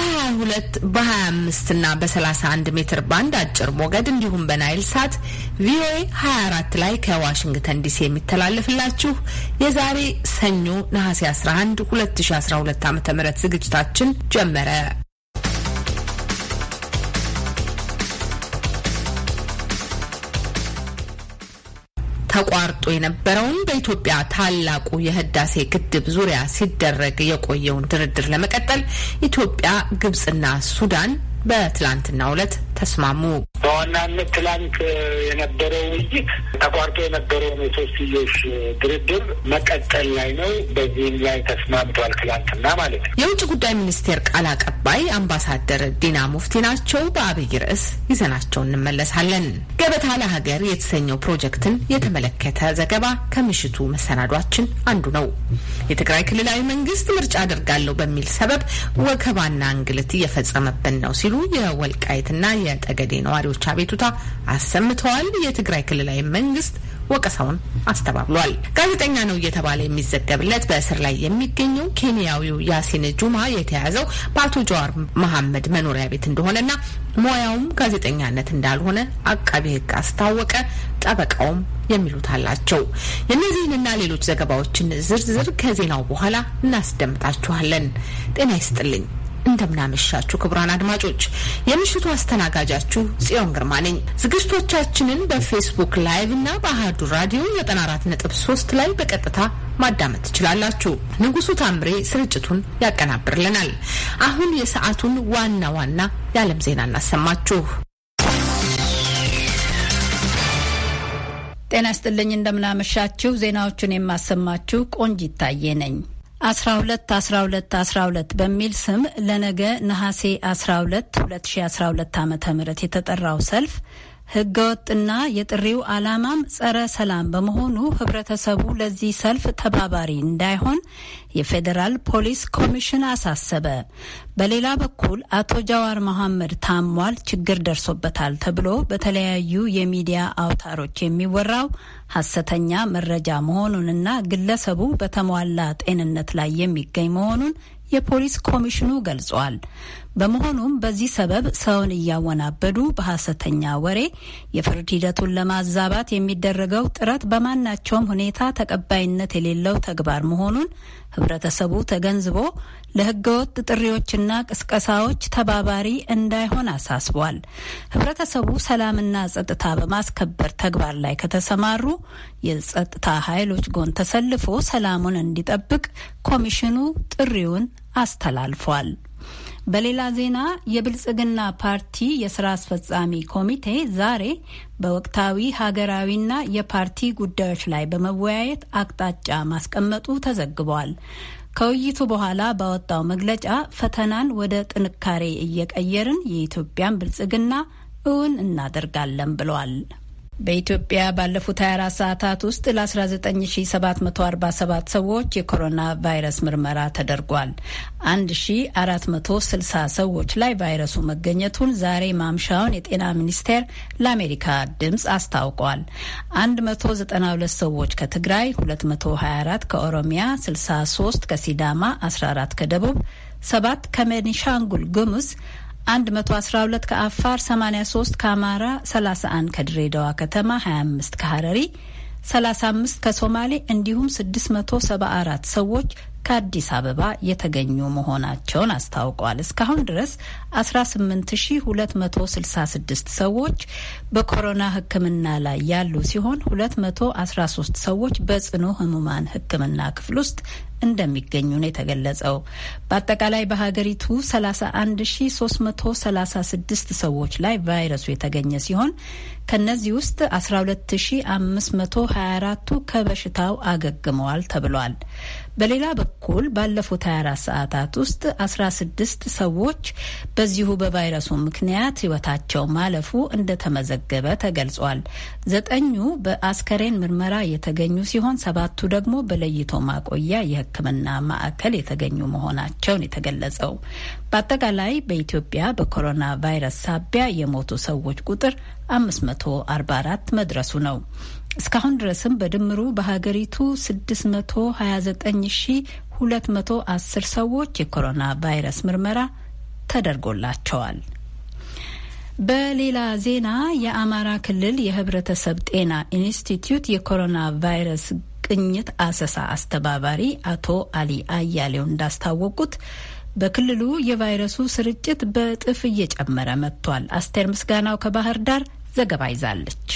በ22 በ25 እና በ31 ሜትር ባንድ አጭር ሞገድ እንዲሁም በናይል ሳት ቪኦኤ 24 ላይ ከዋሽንግተን ዲሲ የሚተላለፍላችሁ የዛሬ ሰኞ ነሐሴ 11 2012 ዓ.ም ዝግጅታችን ጀመረ። ተቋርጦ የነበረውን በኢትዮጵያ ታላቁ የህዳሴ ግድብ ዙሪያ ሲደረግ የቆየውን ድርድር ለመቀጠል ኢትዮጵያ፣ ግብጽና ሱዳን በትላንትናው ዕለት ተስማሙ። በዋናነት ትላንት የነበረው ውይይት ተቋርጦ የነበረውን የሶስትዮሽ ድርድር መቀጠል ላይ ነው። በዚህም ላይ ተስማምቷል ትላንትና ማለት ነው። የውጭ ጉዳይ ሚኒስቴር ቃል አቀባይ አምባሳደር ዲና ሙፍቲ ናቸው። በአብይ ርዕስ ይዘናቸው እንመለሳለን። ገበታ ለሀገር የተሰኘው ፕሮጀክትን የተመለከተ ዘገባ ከምሽቱ መሰናዷችን አንዱ ነው። የትግራይ ክልላዊ መንግስት ምርጫ አድርጋለሁ በሚል ሰበብ ወከባና እንግልት እየፈጸመብን ነው ሲሉ ሲሉ የወልቃይትና የጠገዴ ነዋሪዎች አቤቱታ አሰምተዋል። የትግራይ ክልላዊ መንግስት ወቀሳውን አስተባብሏል። ጋዜጠኛ ነው እየተባለ የሚዘገብለት በእስር ላይ የሚገኘው ኬንያዊው ያሲን ጁማ የተያዘው በአቶ ጀዋር መሐመድ መኖሪያ ቤት እንደሆነና ሙያውም ጋዜጠኛነት እንዳልሆነ አቃቢ ሕግ አስታወቀ። ጠበቃውም የሚሉት አላቸው። የእነዚህንና ሌሎች ዘገባዎችን ዝርዝር ከዜናው በኋላ እናስደምጣችኋለን። ጤና ይስጥልኝ። እንደምናመሻችሁ ክቡራን አድማጮች፣ የምሽቱ አስተናጋጃችሁ ጽዮን ግርማ ነኝ። ዝግጅቶቻችንን በፌስቡክ ላይቭ እና በአህዱ ራዲዮ 94.3 ላይ በቀጥታ ማዳመጥ ትችላላችሁ። ንጉሱ ታምሬ ስርጭቱን ያቀናብርልናል። አሁን የሰዓቱን ዋና ዋና የዓለም ዜና እናሰማችሁ። ጤና ይስጥልኝ እንደምናመሻችሁ። ዜናዎቹን የማሰማችሁ ቆንጅ ይታየ ነኝ። 12 12 12 በሚል ስም ለነገ ነሐሴ 12 2012 ዓ ም የተጠራው ሰልፍ ህገወጥና የጥሪው ዓላማም ጸረ ሰላም በመሆኑ ህብረተሰቡ ለዚህ ሰልፍ ተባባሪ እንዳይሆን የፌዴራል ፖሊስ ኮሚሽን አሳሰበ። በሌላ በኩል አቶ ጃዋር መሐመድ ታሟል፣ ችግር ደርሶበታል ተብሎ በተለያዩ የሚዲያ አውታሮች የሚወራው ሐሰተኛ መረጃ መሆኑንና ግለሰቡ በተሟላ ጤንነት ላይ የሚገኝ መሆኑን የፖሊስ ኮሚሽኑ ገልጿል። በመሆኑም በዚህ ሰበብ ሰውን እያወናበዱ በሐሰተኛ ወሬ የፍርድ ሂደቱን ለማዛባት የሚደረገው ጥረት በማናቸውም ሁኔታ ተቀባይነት የሌለው ተግባር መሆኑን ህብረተሰቡ ተገንዝቦ ለህገወጥ ጥሪዎችና ቅስቀሳዎች ተባባሪ እንዳይሆን አሳስቧል። ህብረተሰቡ ሰላምና ጸጥታ በማስከበር ተግባር ላይ ከተሰማሩ የጸጥታ ኃይሎች ጎን ተሰልፎ ሰላሙን እንዲጠብቅ ኮሚሽኑ ጥሪውን አስተላልፏል። በሌላ ዜና የብልጽግና ፓርቲ የስራ አስፈጻሚ ኮሚቴ ዛሬ በወቅታዊ ሀገራዊና የፓርቲ ጉዳዮች ላይ በመወያየት አቅጣጫ ማስቀመጡ ተዘግቧል። ከውይይቱ በኋላ ባወጣው መግለጫ ፈተናን ወደ ጥንካሬ እየቀየርን የኢትዮጵያን ብልጽግና እውን እናደርጋለን ብሏል። በኢትዮጵያ ባለፉት 24 ሰዓታት ውስጥ ለ19747 ሰዎች የኮሮና ቫይረስ ምርመራ ተደርጓል። 1460 ሰዎች ላይ ቫይረሱ መገኘቱን ዛሬ ማምሻውን የጤና ሚኒስቴር ለአሜሪካ ድምፅ አስታውቋል። 192 ሰዎች ከትግራይ፣ 224 ከኦሮሚያ፣ 63 ከሲዳማ፣ 14 ከደቡብ፣ 7 ከቤኒሻንጉል ጉሙዝ 112 ከአፋር፣ 83 ከአማራ፣ 31 ከድሬዳዋ ከተማ፣ 25 ከሐረሪ፣ 35 ከሶማሌ እንዲሁም 674 ሰዎች ከአዲስ አበባ የተገኙ መሆናቸውን አስታውቋል። እስካሁን ድረስ 18266 ሰዎች በኮሮና ሕክምና ላይ ያሉ ሲሆን 213 ሰዎች በጽኑ ህሙማን ሕክምና ክፍል ውስጥ እንደሚገኙ ነው የተገለጸው። በአጠቃላይ በሀገሪቱ 31336 ሰዎች ላይ ቫይረሱ የተገኘ ሲሆን ከነዚህ ውስጥ 12524ቱ ከበሽታው አገግመዋል ተብሏል። በሌላ በኩል ባለፉት 24 ሰዓታት ውስጥ 16 ሰዎች በዚሁ በቫይረሱ ምክንያት ህይወታቸው ማለፉ እንደተመዘገበ ተገልጿል። ዘጠኙ በአስከሬን ምርመራ የተገኙ ሲሆን ሰባቱ ደግሞ በለይቶ ማቆያ የሕክምና ማዕከል የተገኙ መሆናቸውን የተገለጸው በአጠቃላይ በኢትዮጵያ በኮሮና ቫይረስ ሳቢያ የሞቱ ሰዎች ቁጥር 544 መድረሱ ነው። እስካሁን ድረስም በድምሩ በሀገሪቱ 629210 ሰዎች የኮሮና ቫይረስ ምርመራ ተደርጎላቸዋል። በሌላ ዜና የአማራ ክልል የህብረተሰብ ጤና ኢንስቲትዩት የኮሮና ቫይረስ ቅኝት አሰሳ አስተባባሪ አቶ አሊ አያሌው እንዳስታወቁት በክልሉ የቫይረሱ ስርጭት በእጥፍ እየጨመረ መጥቷል። አስቴር ምስጋናው ከባህር ዳር ዘገባ ይዛለች።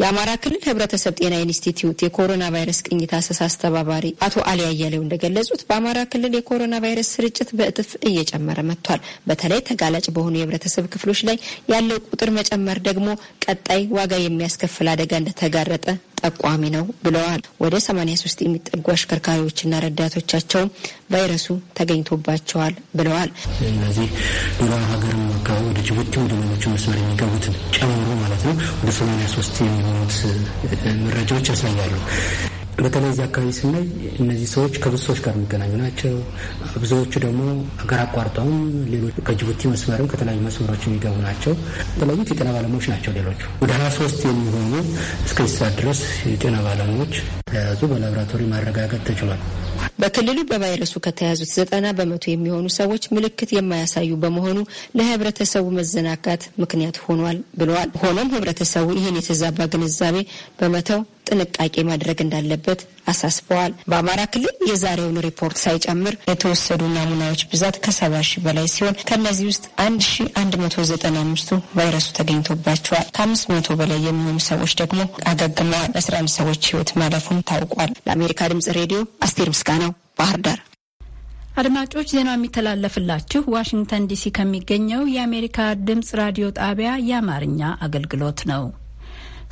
የአማራ ክልል ህብረተሰብ ጤና ኢንስቲትዩት የኮሮና ቫይረስ ቅኝት አሰሳ አስተባባሪ አቶ አሊ አያሌው እንደገለጹት በአማራ ክልል የኮሮና ቫይረስ ስርጭት በእጥፍ እየጨመረ መጥቷል። በተለይ ተጋላጭ በሆኑ የህብረተሰብ ክፍሎች ላይ ያለው ቁጥር መጨመር ደግሞ ቀጣይ ዋጋ የሚያስከፍል አደጋ እንደተጋረጠ ጠቋሚ ነው ብለዋል። ወደ 83 የሚጠጉ አሽከርካሪዎችና ረዳቶቻቸው ቫይረሱ ተገኝቶባቸዋል ብለዋል። እነዚህ ዱራ ሀገር አካባቢ ወደ ጅቡቲ ወደ ሌሎቹ መስመር የሚገቡትን ጨምሮ ማለት ነው ወደ 83 የሚሆኑት መረጃዎች ያሳያሉ። በተለይ እዚህ አካባቢ ስናይ እነዚህ ሰዎች ከብዙ ሰዎች ጋር የሚገናኙ ናቸው። ብዙዎቹ ደግሞ ሀገር አቋርጠውም ሌሎች ከጅቡቲ መስመርም ከተለያዩ መስመሮች የሚገቡ ናቸው። የተለያዩ የጤና ባለሙያዎች ናቸው። ሌሎቹ ወደ ሀያ ሶስት የሚሆኑ እስከ ሰዓት ድረስ የጤና ባለሙያዎች ተያዙ። በላብራቶሪ ማረጋገጥ ተችሏል። በክልሉ በቫይረሱ ከተያዙት ዘጠና በመቶ የሚሆኑ ሰዎች ምልክት የማያሳዩ በመሆኑ ለህብረተሰቡ መዘናጋት ምክንያት ሆኗል ብለዋል። ሆኖም ህብረተሰቡ ይህን የተዛባ ግንዛቤ በመተው ጥንቃቄ ማድረግ እንዳለበት አሳስበዋል። በአማራ ክልል የዛሬውን ሪፖርት ሳይጨምር የተወሰዱ ናሙናዎች ብዛት ከሰባ ሺህ በላይ ሲሆን ከእነዚህ ውስጥ አንድ ሺ አንድ መቶ ዘጠና አምስቱ ቫይረሱ ተገኝቶባቸዋል። ከአምስት መቶ በላይ የሚሆኑ ሰዎች ደግሞ አገግመዋል። አስራ አንድ ሰዎች ህይወት ማለፉም ታውቋል። ለአሜሪካ ድምጽ ሬዲዮ አስቴር ምስጋናው ባህር ዳር። አድማጮች ዜናው የሚተላለፍላችሁ ዋሽንግተን ዲሲ ከሚገኘው የአሜሪካ ድምጽ ራዲዮ ጣቢያ የአማርኛ አገልግሎት ነው።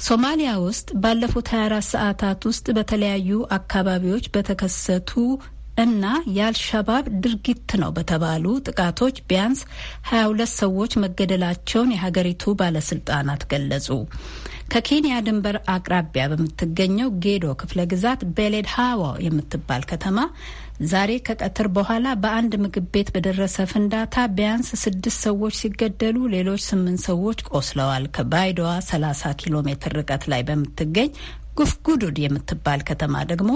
ሶማሊያ ውስጥ ባለፉት 24 ሰዓታት ውስጥ በተለያዩ አካባቢዎች በተከሰቱ እና የአልሸባብ ድርጊት ነው በተባሉ ጥቃቶች ቢያንስ 22 ሰዎች መገደላቸውን የሀገሪቱ ባለስልጣናት ገለጹ። ከኬንያ ድንበር አቅራቢያ በምትገኘው ጌዶ ክፍለ ግዛት ቤሌድ ሃዋ የምትባል ከተማ ዛሬ ከቀትር በኋላ በአንድ ምግብ ቤት በደረሰ ፍንዳታ ቢያንስ ስድስት ሰዎች ሲገደሉ ሌሎች ስምንት ሰዎች ቆስለዋል። ከባይዶዋ 30 ኪሎ ሜትር ርቀት ላይ በምትገኝ ጉፍጉዱድ የምትባል ከተማ ደግሞ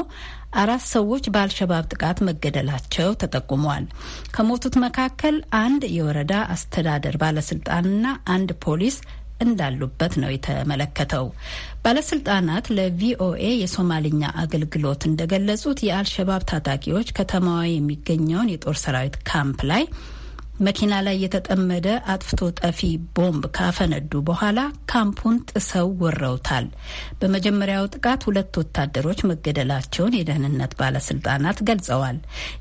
አራት ሰዎች በአልሸባብ ጥቃት መገደላቸው ተጠቁመዋል። ከሞቱት መካከል አንድ የወረዳ አስተዳደር ባለስልጣንና አንድ ፖሊስ እንዳሉበት ነው የተመለከተው። ባለስልጣናት ለቪኦኤ የሶማልኛ አገልግሎት እንደገለጹት የአልሸባብ ታጣቂዎች ከተማዋ የሚገኘውን የጦር ሰራዊት ካምፕ ላይ መኪና ላይ የተጠመደ አጥፍቶ ጠፊ ቦምብ ካፈነዱ በኋላ ካምፑን ጥሰው ወረውታል። በመጀመሪያው ጥቃት ሁለት ወታደሮች መገደላቸውን የደህንነት ባለስልጣናት ገልጸዋል።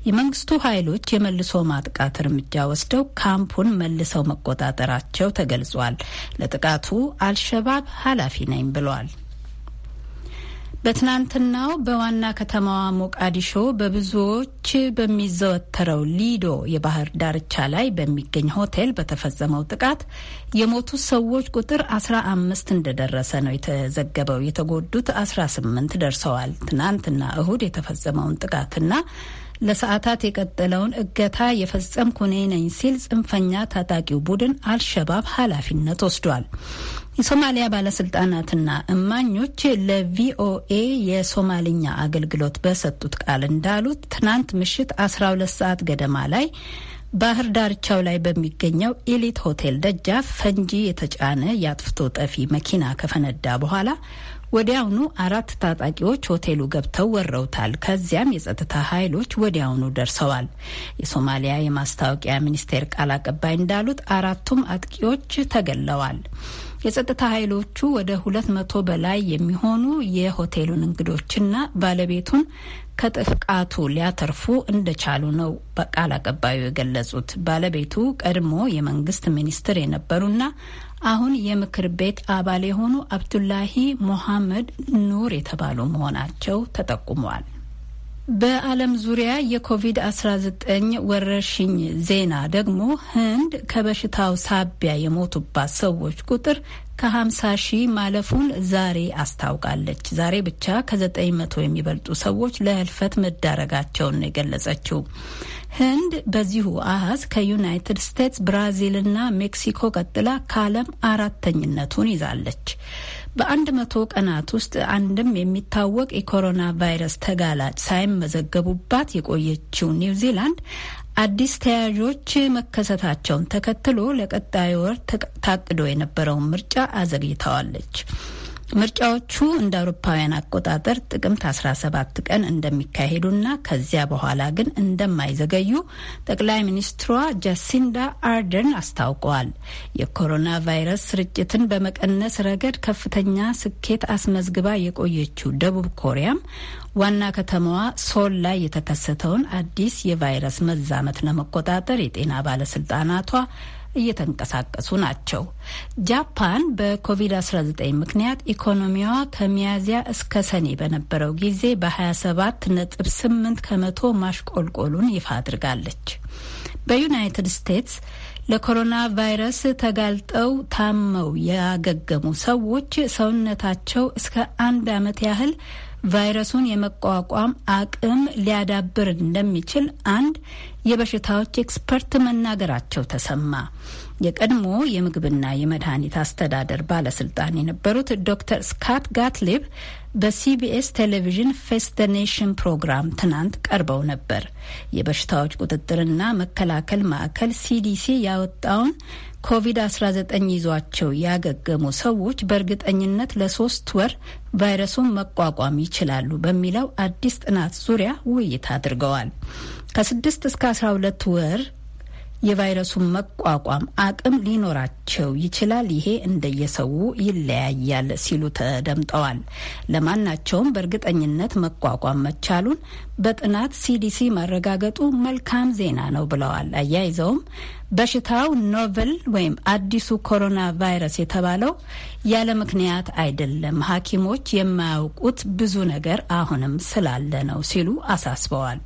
የመንግስቱ ኃይሎች የመልሶ ማጥቃት እርምጃ ወስደው ካምፑን መልሰው መቆጣጠራቸው ተገልጿል። ለጥቃቱ አልሸባብ ኃላፊ ነኝ ብሏል። በትናንትናው በዋና ከተማዋ ሞቃዲሾ በብዙዎች በሚዘወተረው ሊዶ የባህር ዳርቻ ላይ በሚገኝ ሆቴል በተፈጸመው ጥቃት የሞቱ ሰዎች ቁጥር 15 እንደደረሰ ነው የተዘገበው። የተጎዱት 18 ደርሰዋል። ትናንትና እሁድ የተፈጸመውን ጥቃትና ለሰዓታት የቀጠለውን እገታ የፈጸምኩ እኔ ነኝ ሲል ጽንፈኛ ታጣቂው ቡድን አልሸባብ ኃላፊነት ወስዷል። ሶማሊያ ባለስልጣናትና እማኞች ለቪኦኤ የሶማልኛ አገልግሎት በሰጡት ቃል እንዳሉት ትናንት ምሽት 12 ሰዓት ገደማ ላይ ባህር ዳርቻው ላይ በሚገኘው ኢሊት ሆቴል ደጃፍ ፈንጂ የተጫነ የአጥፍቶ ጠፊ መኪና ከፈነዳ በኋላ ወዲያውኑ አራት ታጣቂዎች ሆቴሉ ገብተው ወረውታል። ከዚያም የጸጥታ ኃይሎች ወዲያውኑ ደርሰዋል። የሶማሊያ የማስታወቂያ ሚኒስቴር ቃል አቀባይ እንዳሉት አራቱም አጥቂዎች ተገለዋል። የጸጥታ ኃይሎቹ ወደ ሁለት መቶ በላይ የሚሆኑ የሆቴሉን እንግዶችና ባለቤቱን ከጥቃቱ ሊያተርፉ እንደቻሉ ነው በቃል አቀባዩ የገለጹት። ባለቤቱ ቀድሞ የመንግስት ሚኒስትር የነበሩና አሁን የምክር ቤት አባል የሆኑ አብዱላሂ ሞሐመድ ኑር የተባሉ መሆናቸው ተጠቁመዋል። በዓለም ዙሪያ የኮቪድ-19 ወረርሽኝ ዜና ደግሞ ህንድ ከበሽታው ሳቢያ የሞቱባት ሰዎች ቁጥር ከ50 ሺህ ማለፉን ዛሬ አስታውቃለች። ዛሬ ብቻ ከ900 የሚበልጡ ሰዎች ለህልፈት መዳረጋቸውን ነው የገለጸችው። ህንድ በዚሁ አሃዝ ከዩናይትድ ስቴትስ፣ ብራዚልና ሜክሲኮ ቀጥላ ከዓለም አራተኝነቱን ይዛለች። በአንድ መቶ ቀናት ውስጥ አንድም የሚታወቅ የኮሮና ቫይረስ ተጋላጭ ሳይመዘገቡባት የቆየችው ኒውዚላንድ አዲስ ተያዦች መከሰታቸውን ተከትሎ ለቀጣይ ወር ታቅዶ የነበረውን ምርጫ አዘግይተዋለች። ምርጫዎቹ እንደ አውሮፓውያን አቆጣጠር ጥቅምት 17 ቀን እንደሚካሄዱና ከዚያ በኋላ ግን እንደማይዘገዩ ጠቅላይ ሚኒስትሯ ጃሲንዳ አርደን አስታውቀዋል። የኮሮና ቫይረስ ስርጭትን በመቀነስ ረገድ ከፍተኛ ስኬት አስመዝግባ የቆየችው ደቡብ ኮሪያም ዋና ከተማዋ ሶል ላይ የተከሰተውን አዲስ የቫይረስ መዛመት ለመቆጣጠር የጤና ባለስልጣናቷ እየተንቀሳቀሱ ናቸው። ጃፓን በኮቪድ-19 ምክንያት ኢኮኖሚዋ ከሚያዝያ እስከ ሰኔ በነበረው ጊዜ በ27 ነጥብ 8 ከመቶ ማሽቆልቆሉን ይፋ አድርጋለች። በዩናይትድ ስቴትስ ለኮሮና ቫይረስ ተጋልጠው ታመው ያገገሙ ሰዎች ሰውነታቸው እስከ አንድ ዓመት ያህል ቫይረሱን የመቋቋም አቅም ሊያዳብር እንደሚችል አንድ የበሽታዎች ኤክስፐርት መናገራቸው ተሰማ። የቀድሞ የምግብና የመድኃኒት አስተዳደር ባለስልጣን የነበሩት ዶክተር ስካት ጋትሊብ በሲቢኤስ ቴሌቪዥን ፌስተኔሽን ፕሮግራም ትናንት ቀርበው ነበር። የበሽታዎች ቁጥጥርና መከላከል ማዕከል ሲዲሲ ያወጣውን ኮቪድ-19 ይዟቸው ያገገሙ ሰዎች በእርግጠኝነት ለሶስት ወር ቫይረሱን መቋቋም ይችላሉ በሚለው አዲስ ጥናት ዙሪያ ውይይት አድርገዋል። ከስድስት እስከ አስራ ሁለት ወር የቫይረሱን መቋቋም አቅም ሊኖራቸው ይችላል። ይሄ እንደየሰው ይለያያል ሲሉ ተደምጠዋል። ለማናቸውም በእርግጠኝነት መቋቋም መቻሉን በጥናት ሲዲሲ ማረጋገጡ መልካም ዜና ነው ብለዋል። አያይዘውም በሽታው ኖቨል ወይም አዲሱ ኮሮና ቫይረስ የተባለው ያለ ምክንያት አይደለም፣ ሐኪሞች የማያውቁት ብዙ ነገር አሁንም ስላለ ነው ሲሉ አሳስበዋል።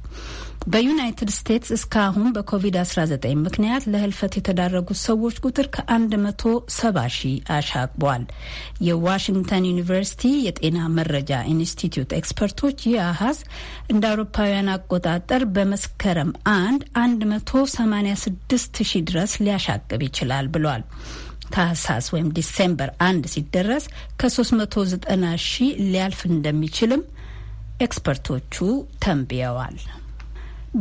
በዩናይትድ ስቴትስ እስካሁን በኮቪድ-19 ምክንያት ለህልፈት የተዳረጉት ሰዎች ቁጥር ከ170 ሺህ አሻቅቧል። የዋሽንግተን ዩኒቨርሲቲ የጤና መረጃ ኢንስቲትዩት ኤክስፐርቶች ይህ አሀዝ እንደ አውሮፓውያን አቆጣጠር በመስከረም አንድ 186 ሺህ ድረስ ሊያሻቅብ ይችላል ብሏል። ታህሳስ ወይም ዲሴምበር አንድ ሲደረስ ከ390 ሺህ ሊያልፍ እንደሚችልም ኤክስፐርቶቹ ተንብየዋል።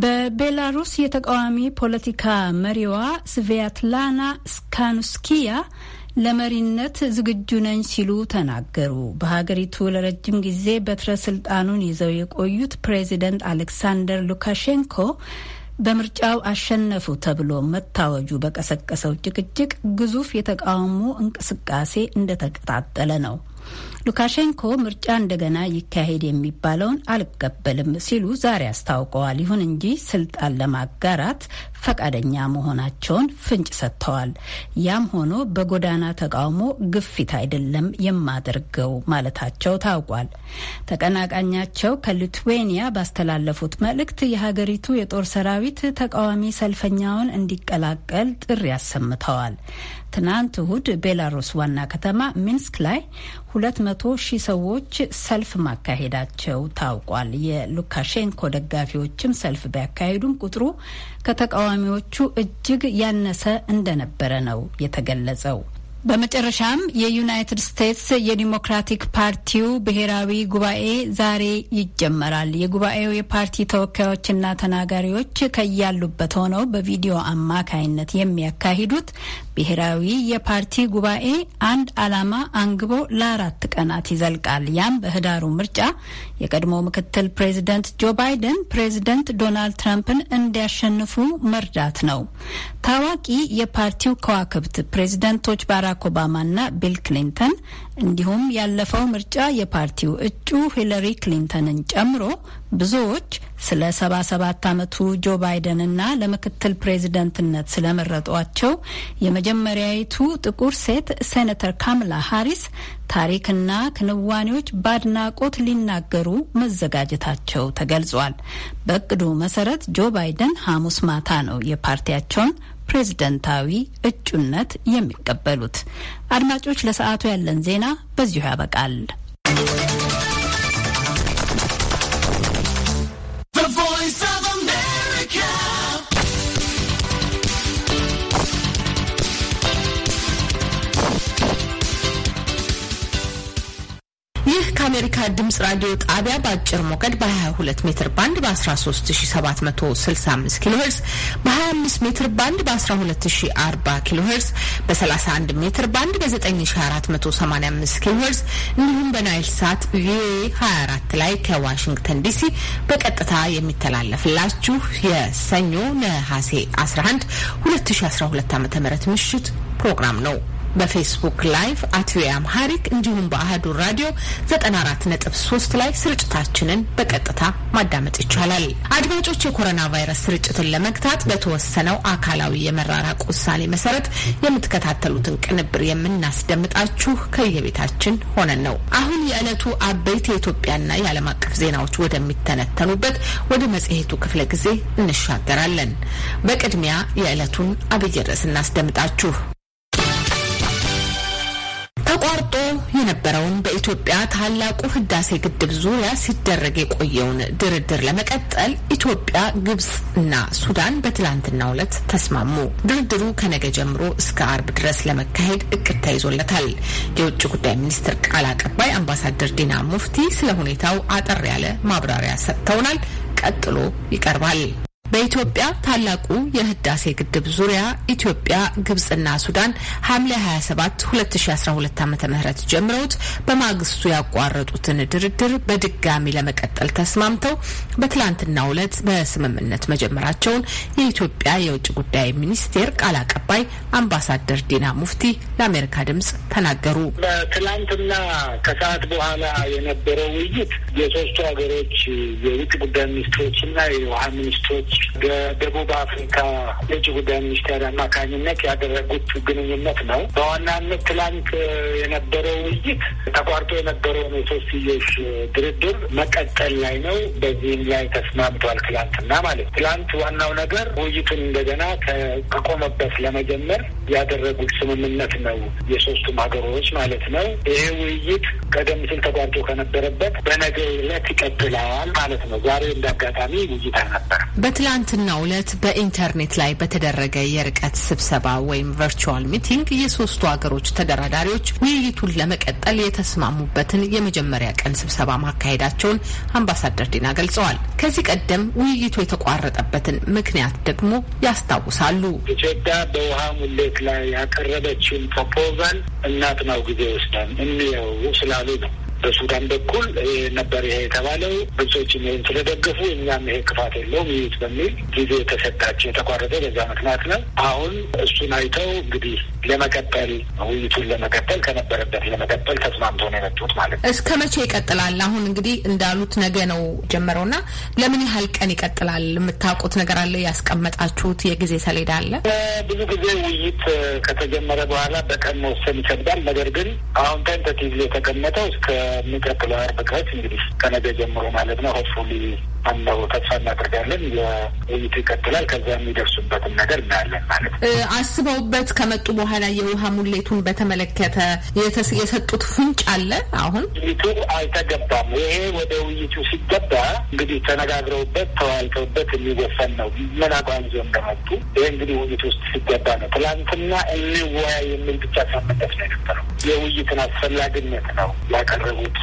በቤላሩስ የተቃዋሚ ፖለቲካ መሪዋ ስቪያትላና ስካኑስኪያ ለመሪነት ዝግጁ ነኝ ሲሉ ተናገሩ። በሀገሪቱ ለረጅም ጊዜ በትረ ስልጣኑን ይዘው የቆዩት ፕሬዚደንት አሌክሳንደር ሉካሼንኮ በምርጫው አሸነፉ ተብሎ መታወጁ በቀሰቀሰው ጭቅጭቅ ግዙፍ የተቃውሞ እንቅስቃሴ እንደተቀጣጠለ ነው። ሉካሼንኮ ምርጫ እንደገና ይካሄድ የሚባለውን አልቀበልም ሲሉ ዛሬ አስታውቀዋል። ይሁን እንጂ ስልጣን ለማጋራት ፈቃደኛ መሆናቸውን ፍንጭ ሰጥተዋል። ያም ሆኖ በጎዳና ተቃውሞ ግፊት አይደለም የማደርገው ማለታቸው ታውቋል። ተቀናቃኛቸው ከሊትዌኒያ ባስተላለፉት መልእክት የሀገሪቱ የጦር ሰራዊት ተቃዋሚ ሰልፈኛውን እንዲቀላቀል ጥሪ አሰምተዋል። ትናንት እሁድ ቤላሩስ ዋና ከተማ ሚንስክ ላይ ሁለት መቶ ሺህ ሰዎች ሰልፍ ማካሄዳቸው ታውቋል። የሉካሼንኮ ደጋፊዎችም ሰልፍ ቢያካሂዱም ቁጥሩ ከተቃዋሚዎቹ እጅግ ያነሰ እንደነበረ ነው የተገለጸው። በመጨረሻም የዩናይትድ ስቴትስ የዲሞክራቲክ ፓርቲው ብሔራዊ ጉባኤ ዛሬ ይጀመራል። የጉባኤው የፓርቲ ተወካዮችና ተናጋሪዎች ከያሉበት ሆነው በቪዲዮ አማካይነት የሚያካሂዱት ብሔራዊ የፓርቲ ጉባኤ አንድ ዓላማ አንግቦ ለአራት ቀናት ይዘልቃል። ያም በህዳሩ ምርጫ የቀድሞ ምክትል ፕሬዚደንት ጆ ባይደን ፕሬዚደንት ዶናልድ ትራምፕን እንዲያሸንፉ መርዳት ነው። ታዋቂ የፓርቲው ከዋክብት ፕሬዚደንቶች ባራክ ኦባማና ቢል ክሊንተን እንዲሁም ያለፈው ምርጫ የፓርቲው እጩ ሂለሪ ክሊንተንን ጨምሮ ብዙዎች ስለ ሰባት ዓመቱ ጆ ባይደንና ለምክትል ፕሬዝደንትነት ስለመረጧቸው የመጀመሪያዊቱ ጥቁር ሴት ሴኔተር ካምላ ሀሪስ ታሪክና ክንዋኔዎች በአድናቆት ሊናገሩ መዘጋጀታቸው ተገልጿል። በእቅዱ መሰረት ጆ ባይደን ሐሙስ ማታ ነው የፓርቲያቸውን ፕሬዝደንታዊ እጩነት የሚቀበሉት። አድማጮች፣ ለሰዓቱ ያለን ዜና በዚሁ ያበቃል። የአሜሪካ ድምጽ ራዲዮ ጣቢያ በአጭር ሞገድ በ22 ሜትር ባንድ በ13765 ኪሎ ሄርዝ በ25 ሜትር ባንድ በ1240 ኪሎ ሄርዝ በ31 ሜትር ባንድ በ9485 ኪሎ ሄርዝ እንዲሁም በናይል ሳት ቪኦኤ 24 ላይ ከዋሽንግተን ዲሲ በቀጥታ የሚተላለፍላችሁ የሰኞ ነሐሴ 11 2012 ም ምሽት ፕሮግራም ነው። በፌስቡክ ላይቭ አት ቪኦኤ አምሃሪክ እንዲሁም በአህዱ ራዲዮ 94.3 ላይ ስርጭታችንን በቀጥታ ማዳመጥ ይቻላል። አድማጮች፣ የኮሮና ቫይረስ ስርጭትን ለመግታት በተወሰነው አካላዊ የመራራቅ ውሳኔ መሰረት የምትከታተሉትን ቅንብር የምናስደምጣችሁ ከየቤታችን ሆነን ነው። አሁን የዕለቱ አበይት የኢትዮጵያና የዓለም አቀፍ ዜናዎች ወደሚተነተኑበት ወደ መጽሔቱ ክፍለ ጊዜ እንሻገራለን። በቅድሚያ የዕለቱን አብይ ርዕስ እናስደምጣችሁ። ተቋርጦ የነበረውን በኢትዮጵያ ታላቁ ህዳሴ ግድብ ዙሪያ ሲደረግ የቆየውን ድርድር ለመቀጠል ኢትዮጵያ፣ ግብጽ እና ሱዳን በትላንትናው ዕለት ተስማሙ። ድርድሩ ከነገ ጀምሮ እስከ አርብ ድረስ ለመካሄድ እቅድ ተይዞለታል። የውጭ ጉዳይ ሚኒስትር ቃል አቀባይ አምባሳደር ዲና ሙፍቲ ስለ ሁኔታው አጠር ያለ ማብራሪያ ሰጥተውናል። ቀጥሎ ይቀርባል። በኢትዮጵያ ታላቁ የህዳሴ ግድብ ዙሪያ ኢትዮጵያ፣ ግብጽና ሱዳን ሐምሌ 27 2012 ዓ ም ጀምረውት በማግስቱ ያቋረጡትን ድርድር በድጋሚ ለመቀጠል ተስማምተው በትላንትናው ዕለት በስምምነት መጀመራቸውን የኢትዮጵያ የውጭ ጉዳይ ሚኒስቴር ቃል አቀባይ አምባሳደር ዲና ሙፍቲ ለአሜሪካ ድምጽ ተናገሩ። በትላንትና ከሰዓት በኋላ የነበረው ውይይት የሶስቱ ሀገሮች የውጭ ጉዳይ ሚኒስትሮችና የውሃ ሚኒስትሮች በደቡብ አፍሪካ የውጭ ጉዳይ ሚኒስቴር አማካኝነት ያደረጉት ግንኙነት ነው። በዋናነት ትላንት የነበረው ውይይት ተቋርጦ የነበረውን የሶስትዮሽ ድርድር መቀጠል ላይ ነው። በዚህም ላይ ተስማምቷል። ትላንትና ማለት ትላንት ዋናው ነገር ውይይቱን እንደገና ከቆመበት ለመጀመር ያደረጉት ስምምነት ነው። የሶስቱም ሀገሮች ማለት ነው። ይሄ ውይይት ቀደም ሲል ተቋርጦ ከነበረበት በነገ ዕለት ይቀጥላል ማለት ነው። ዛሬ እንደ አጋጣሚ ውይይት አልነበረም። በትላንትናው ዕለት በኢንተርኔት ላይ በተደረገ የርቀት ስብሰባ ወይም ቨርቹዋል ሚቲንግ የሶስቱ ሀገሮች ተደራዳሪዎች ውይይቱን ለመቀጠል የተስማሙበትን የመጀመሪያ ቀን ስብሰባ ማካሄዳቸውን አምባሳደር ዲና ገልጸዋል። ከዚህ ቀደም ውይይቱ የተቋረጠበትን ምክንያት ደግሞ ያስታውሳሉ። ኢትዮጵያ በውሃ ሙሌት ላይ ያቀረበችውን ፕሮፖዛል እናጥናው ጊዜ ወስዳል እንየው ስላሉ ነው በሱዳን በኩል ነበር ይሄ የተባለው ግብጾችም ይህን ስለደገፉ እኛም ይሄ ክፋት የለውም ይዩት በሚል ጊዜ የተሰጣቸው የተቋረጠ በዛ ምክንያት ነው። አሁን እሱን አይተው እንግዲህ ለመቀጠል ውይይቱን ለመቀጠል ከነበረበት ለመቀጠል ተስማምቶ ነው የመጡት ማለት ነው። እስከ መቼ ይቀጥላል? አሁን እንግዲህ እንዳሉት ነገ ነው ጀመረውና ለምን ያህል ቀን ይቀጥላል? የምታውቁት ነገር አለ? ያስቀመጣችሁት የጊዜ ሰሌዳ አለ? ብዙ ጊዜ ውይይት ከተጀመረ በኋላ በቀን መወሰን ይከብዳል። ነገር ግን አሁን ተንተቲቭ የተቀመጠው እስከ በሚቀጥለው አርብ ከት እንግዲህ ከነገ ጀምሮ ማለት ነው ሆፕፉሊ አለው ተስፋ እናደርጋለን። የውይይቱ ይቀጥላል። ከዛ የሚደርሱበትን ነገር እናያለን ማለት ነው። አስበውበት ከመጡ በኋላ የውሃ ሙሌቱን በተመለከተ የሰጡት ፍንጭ አለ። አሁን ውይይቱ አልተገባም። ይሄ ወደ ውይይቱ ሲገባ እንግዲህ ተነጋግረውበት ተዋልተውበት የሚወሰን ነው። ምን አቋም ይዞ እንደመጡ ይሄ እንግዲህ ውይይቱ ውስጥ ሲገባ ነው። ትላንትና እንወያይ የሚል ብቻ ሳምንጠት ነው የነበረው። የውይይትን አስፈላጊነት ነው ያቀረቡት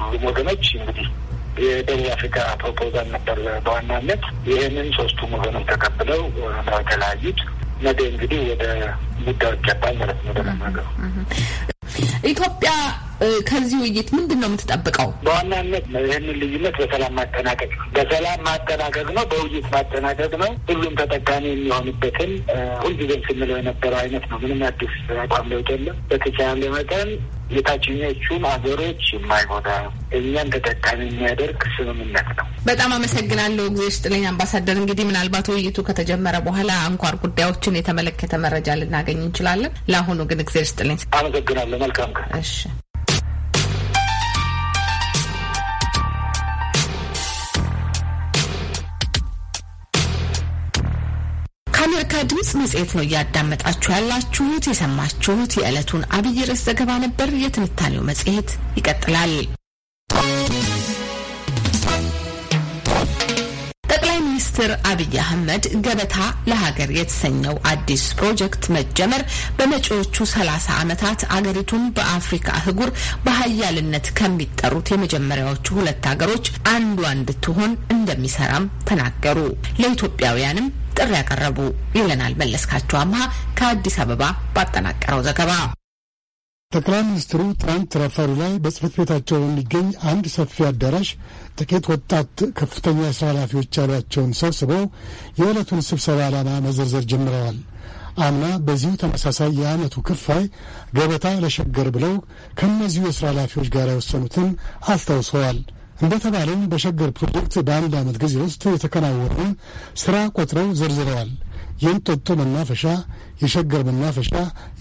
ሁሉም ወገኖች እንግዲህ የደቡብ አፍሪካ ፕሮፖዛል ነበር በዋናነት ይህንን ሶስቱ ወገኖች ተቀብለው ነው የተለያዩት። ነገ እንግዲህ ወደ ጉዳዮች ያባል ማለት ነው። ወደ ኢትዮጵያ ከዚህ ውይይት ምንድን ነው የምትጠብቀው? በዋናነት ይህንን ልዩነት በሰላም ማጠናቀቅ ነው። በሰላም ማጠናቀቅ ነው፣ በውይይት ማጠናቀቅ ነው። ሁሉም ተጠቃሚ የሚሆንበትን ሁልጊዜም ስንለው የነበረው አይነት ነው። ምንም አዲስ አቋም ለውጥ የለም። በተቻለ መጠን የታችኞቹን ሀገሮች የማይጎዳ እኛን ተጠቃሚ የሚያደርግ ስምምነት ነው። በጣም አመሰግናለሁ። ጊዜ ስጥልኝ አምባሳደር። እንግዲህ ምናልባት ውይይቱ ከተጀመረ በኋላ አንኳር ጉዳዮችን የተመለከተ መረጃ ልናገኝ እንችላለን። ለአሁኑ ግን ጊዜ ስጥልኝ አመሰግናለሁ። መልካም ቀን። እሺ። ድምፅ መጽሔት ነው እያዳመጣችሁ ያላችሁት። የሰማችሁት የዕለቱን አብይ ርዕስ ዘገባ ነበር። የትንታኔው መጽሔት ይቀጥላል። ሚኒስትር አብይ አህመድ ገበታ ለሀገር የተሰኘው አዲስ ፕሮጀክት መጀመር በመጪዎቹ ሰላሳ ዓመታት አገሪቱን በአፍሪካ አህጉር በሀያልነት ከሚጠሩት የመጀመሪያዎቹ ሁለት ሀገሮች አንዷ እንድትሆን እንደሚሰራም ተናገሩ። ለኢትዮጵያውያንም ጥሪ ያቀረቡ ይለናል መለስካቸው አምሃ ከአዲስ አበባ ባጠናቀረው ዘገባ። ጠቅላይ ሚኒስትሩ ትናንት ረፋዱ ላይ በጽህፈት ቤታቸው የሚገኝ አንድ ሰፊ አዳራሽ ጥቂት ወጣት ከፍተኛ የስራ ኃላፊዎች ያሏቸውን ሰብስበው የዕለቱን ስብሰባ ዓላማ መዘርዘር ጀምረዋል። አምና በዚሁ ተመሳሳይ የዓመቱ ክፋይ ገበታ ለሸገር ብለው ከእነዚሁ የስራ ኃላፊዎች ጋር የወሰኑትን አስታውሰዋል። እንደተባለው በሸገር ፕሮጀክት በአንድ ዓመት ጊዜ ውስጥ የተከናወነውን ስራ ቆጥረው ዘርዝረዋል። የእንጦጦ መናፈሻ፣ የሸገር መናፈሻ፣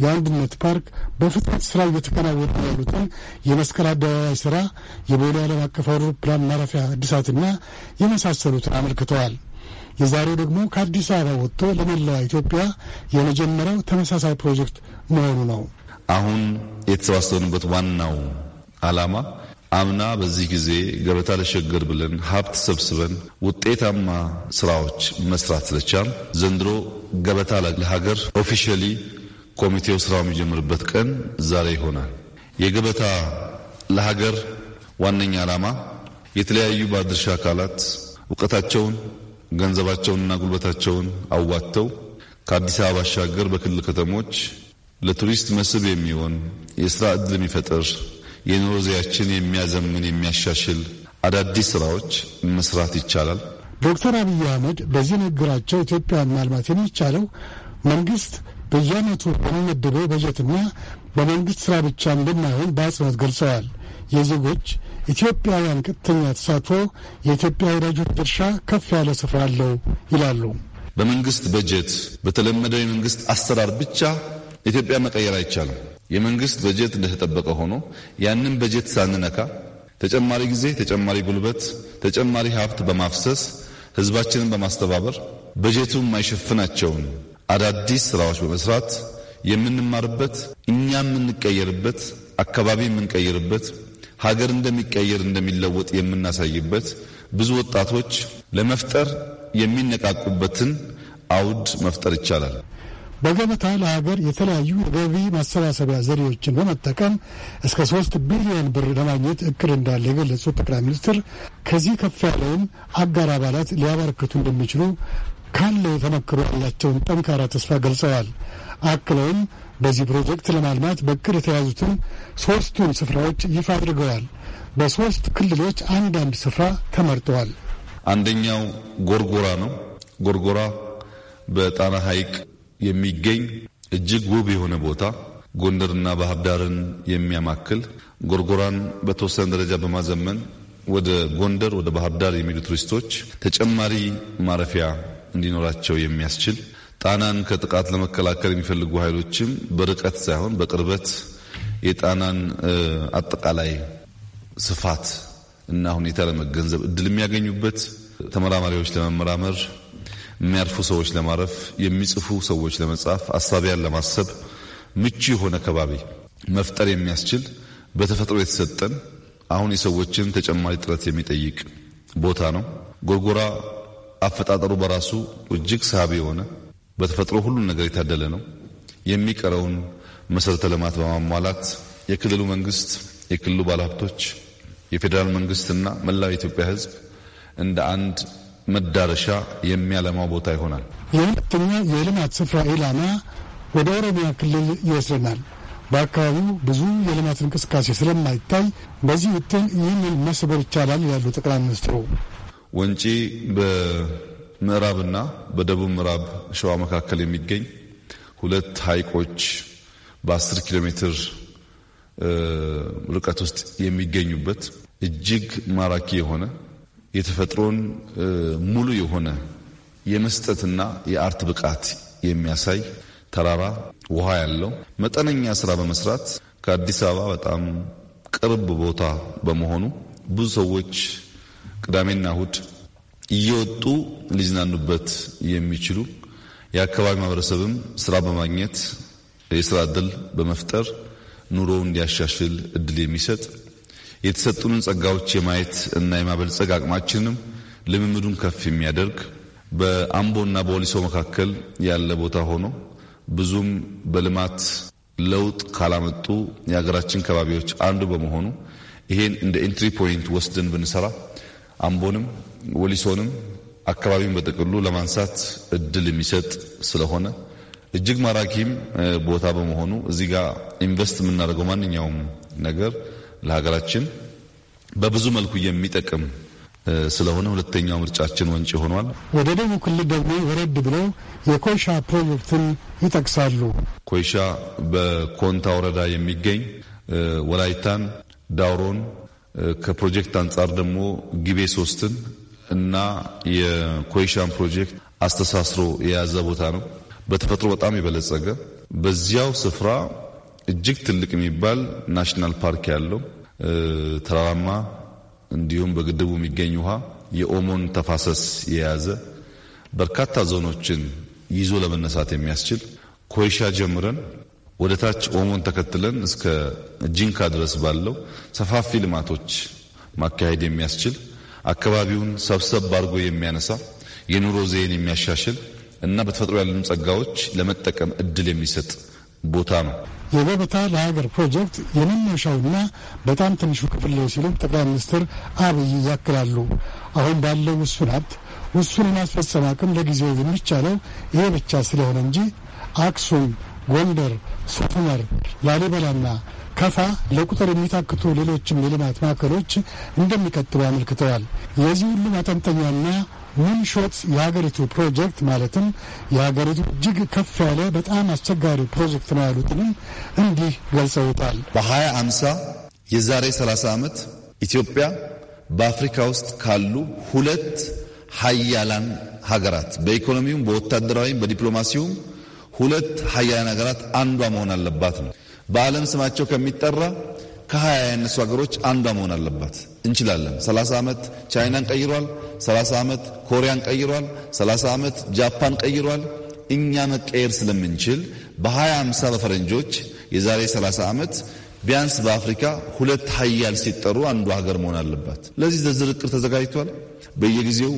የአንድነት ፓርክ፣ በፍጥነት ስራው እየተከናወኑ ያሉትን የመስቀል አደባባይ ስራ፣ የቦሌ ዓለም አቀፍ አውሮፕላን ማረፊያ እድሳትና የመሳሰሉትን አመልክተዋል። የዛሬው ደግሞ ከአዲስ አበባ ወጥቶ ለመላዋ ኢትዮጵያ የመጀመሪያው ተመሳሳይ ፕሮጀክት መሆኑ ነው። አሁን የተሰባሰብንበት ዋናው ዓላማ አምና በዚህ ጊዜ ገበታ ለሸገር ብለን ሀብት ሰብስበን ውጤታማ ስራዎች መስራት ስለቻል ዘንድሮ ገበታ ለሀገር ኦፊሻሊ ኮሚቴው ስራው የሚጀምርበት ቀን ዛሬ ይሆናል። የገበታ ለሀገር ዋነኛ ዓላማ የተለያዩ ባለድርሻ አካላት እውቀታቸውን፣ ገንዘባቸውንና ጉልበታቸውን አዋጥተው ከአዲስ አበባ አሻገር በክልል ከተሞች ለቱሪስት መስህብ የሚሆን የስራ ዕድል የሚፈጥር የኑሮ ዘያችን የሚያዘምን የሚያሻሽል አዳዲስ ስራዎች መስራት ይቻላል። ዶክተር አብይ አህመድ በዚህ ንግግራቸው ኢትዮጵያን ማልማት የሚቻለው መንግስት በየአመቱ በሚመደበው በጀትና በመንግስት ስራ ብቻ እንደማይሆን በአጽንኦት ገልጸዋል። የዜጎች ኢትዮጵያውያን ቀጥተኛ ተሳትፎ የኢትዮጵያ ወዳጆች ድርሻ ከፍ ያለ ስፍራ አለው ይላሉ። በመንግስት በጀት በተለመደው የመንግስት አሰራር ብቻ ኢትዮጵያ መቀየር አይቻልም። የመንግስት በጀት እንደተጠበቀ ሆኖ ያንን በጀት ሳንነካ ተጨማሪ ጊዜ፣ ተጨማሪ ጉልበት፣ ተጨማሪ ሀብት በማፍሰስ ህዝባችንን በማስተባበር በጀቱ የማይሸፍናቸውን አዳዲስ ስራዎች በመስራት የምንማርበት እኛ የምንቀየርበት አካባቢ የምንቀይርበት ሀገር እንደሚቀየር እንደሚለወጥ የምናሳይበት ብዙ ወጣቶች ለመፍጠር የሚነቃቁበትን አውድ መፍጠር ይቻላል። በገበታ ለሀገር የተለያዩ የገቢ ማሰባሰቢያ ዘዴዎችን በመጠቀም እስከ ሶስት ቢሊዮን ብር ለማግኘት እቅድ እንዳለ የገለጹት ጠቅላይ ሚኒስትር ከዚህ ከፍ ያለውን አጋር አባላት ሊያበረክቱ እንደሚችሉ ካለው የተመክሩ ያላቸውን ጠንካራ ተስፋ ገልጸዋል። አክለውም በዚህ ፕሮጀክት ለማልማት በእቅድ የተያዙትን ሶስቱን ስፍራዎች ይፋ አድርገዋል። በሶስት ክልሎች አንዳንድ ስፍራ ተመርጠዋል። አንደኛው ጎርጎራ ነው። ጎርጎራ በጣና ሐይቅ የሚገኝ እጅግ ውብ የሆነ ቦታ ጎንደርና ባህር ዳርን የሚያማክል ጎርጎራን በተወሰነ ደረጃ በማዘመን ወደ ጎንደር ወደ ባህር ዳር የሚሄዱ ቱሪስቶች ተጨማሪ ማረፊያ እንዲኖራቸው የሚያስችል ጣናን ከጥቃት ለመከላከል የሚፈልጉ ኃይሎችም በርቀት ሳይሆን በቅርበት የጣናን አጠቃላይ ስፋት እና ሁኔታ ለመገንዘብ እድል የሚያገኙበት ተመራማሪዎች ለመመራመር የሚያርፉ ሰዎች ለማረፍ፣ የሚጽፉ ሰዎች ለመጻፍ፣ አሳቢያን ለማሰብ ምቹ የሆነ ከባቢ መፍጠር የሚያስችል በተፈጥሮ የተሰጠን አሁን የሰዎችን ተጨማሪ ጥረት የሚጠይቅ ቦታ ነው። ጎርጎራ አፈጣጠሩ በራሱ እጅግ ሳቢ የሆነ በተፈጥሮ ሁሉን ነገር የታደለ ነው። የሚቀረውን መሰረተ ልማት በማሟላት የክልሉ መንግስት፣ የክልሉ ባለሀብቶች፣ የፌዴራል መንግስትና መላው የኢትዮጵያ ሕዝብ እንደ አንድ መዳረሻ የሚያለማው ቦታ ይሆናል። የሁለተኛ የልማት ስፍራ ኢላማ ወደ ኦሮሚያ ክልል ይወስደናል። በአካባቢው ብዙ የልማት እንቅስቃሴ ስለማይታይ በዚህ ውጥን ይህንን መስበር ይቻላል ያሉ ጠቅላይ ሚኒስትሩ ወንጪ በምዕራብና በደቡብ ምዕራብ ሸዋ መካከል የሚገኝ ሁለት ሀይቆች በ10 ኪሎ ሜትር ርቀት ውስጥ የሚገኙበት እጅግ ማራኪ የሆነ የተፈጥሮን ሙሉ የሆነ የመስጠትና የአርት ብቃት የሚያሳይ ተራራ ውሃ ያለው መጠነኛ ስራ በመስራት ከአዲስ አበባ በጣም ቅርብ ቦታ በመሆኑ ብዙ ሰዎች ቅዳሜና እሁድ እየወጡ ሊዝናኑበት የሚችሉ የአካባቢ ማህበረሰብም ስራ በማግኘት የስራ እድል በመፍጠር ኑሮ እንዲያሻሽል እድል የሚሰጥ የተሰጡንን ጸጋዎች የማየት እና የማበልጸግ አቅማችንም ልምምዱን ከፍ የሚያደርግ በአምቦና በወሊሶ መካከል ያለ ቦታ ሆኖ ብዙም በልማት ለውጥ ካላመጡ የሀገራችን ከባቢዎች አንዱ በመሆኑ ይሄን እንደ ኢንትሪ ፖይንት ወስደን ብንሰራ አምቦንም ወሊሶንም አካባቢውን በጥቅሉ ለማንሳት እድል የሚሰጥ ስለሆነ እጅግ ማራኪም ቦታ በመሆኑ እዚህ ጋር ኢንቨስት የምናደርገው ማንኛውም ነገር ለሀገራችን በብዙ መልኩ የሚጠቅም ስለሆነ ሁለተኛው ምርጫችን ወንጪ ሆኗል። ወደ ደቡብ ክልል ደግሞ ወረድ ብሎ የኮይሻ ፕሮጀክትን ይጠቅሳሉ። ኮይሻ በኮንታ ወረዳ የሚገኝ ወላይታን፣ ዳውሮን ከፕሮጀክት አንጻር ደግሞ ጊቤ ሶስትን እና የኮይሻን ፕሮጀክት አስተሳስሮ የያዘ ቦታ ነው። በተፈጥሮ በጣም የበለጸገ በዚያው ስፍራ እጅግ ትልቅ የሚባል ናሽናል ፓርክ ያለው ተራራማ እንዲሁም በግድቡ የሚገኝ ውሃ የኦሞን ተፋሰስ የያዘ በርካታ ዞኖችን ይዞ ለመነሳት የሚያስችል ኮይሻ ጀምረን ወደ ታች ኦሞን ተከትለን እስከ ጂንካ ድረስ ባለው ሰፋፊ ልማቶች ማካሄድ የሚያስችል አካባቢውን ሰብሰብ አድርጎ የሚያነሳ የኑሮ ዘይን የሚያሻሽል እና በተፈጥሮ ያለን ጸጋዎች ለመጠቀም እድል የሚሰጥ ቦታ ነው። የገበታ ለሀገር ፕሮጀክት የመነሻውና በጣም ትንሹ ክፍል ነው ሲሉም ጠቅላይ ሚኒስትር አብይ ያክላሉ። አሁን ባለው ውሱን ሀብት ውሱን የማስፈጸም አቅም ለጊዜው የሚቻለው ይሄ ብቻ ስለሆነ እንጂ አክሱም፣ ጎንደር፣ ሱፍመር ላሊበላና ከፋ ለቁጥር የሚታክቱ ሌሎችም የልማት ማዕከሎች እንደሚቀጥሉ አመልክተዋል። የዚህ ሁሉ ማጠንጠኛና ምን ሾት የሀገሪቱ ፕሮጀክት ማለትም የሀገሪቱ እጅግ ከፍ ያለ በጣም አስቸጋሪ ፕሮጀክት ነው ያሉትንም እንዲህ ገልጸውታል። በሀያ አምሳ የዛሬ 30 ዓመት ኢትዮጵያ በአፍሪካ ውስጥ ካሉ ሁለት ሀያላን ሀገራት በኢኮኖሚውም በወታደራዊም በዲፕሎማሲውም ሁለት ሀያላን ሀገራት አንዷ መሆን አለባት ነው። በዓለም ስማቸው ከሚጠራ ከሀያ ያነሱ ሀገሮች አንዷ መሆን አለባት። እንችላለን። 30 ዓመት ቻይናን ቀይሯል። 30 ዓመት ኮሪያን ቀይሯል። 30 ዓመት ጃፓን ቀይሯል። እኛ መቀየር ስለምንችል በ20 50 በፈረንጆች የዛሬ 30 ዓመት ቢያንስ በአፍሪካ ሁለት ሀያል ሲጠሩ አንዱ ሀገር መሆን አለባት። ለዚህ ዝርዝር እቅድ ተዘጋጅቷል። በየጊዜው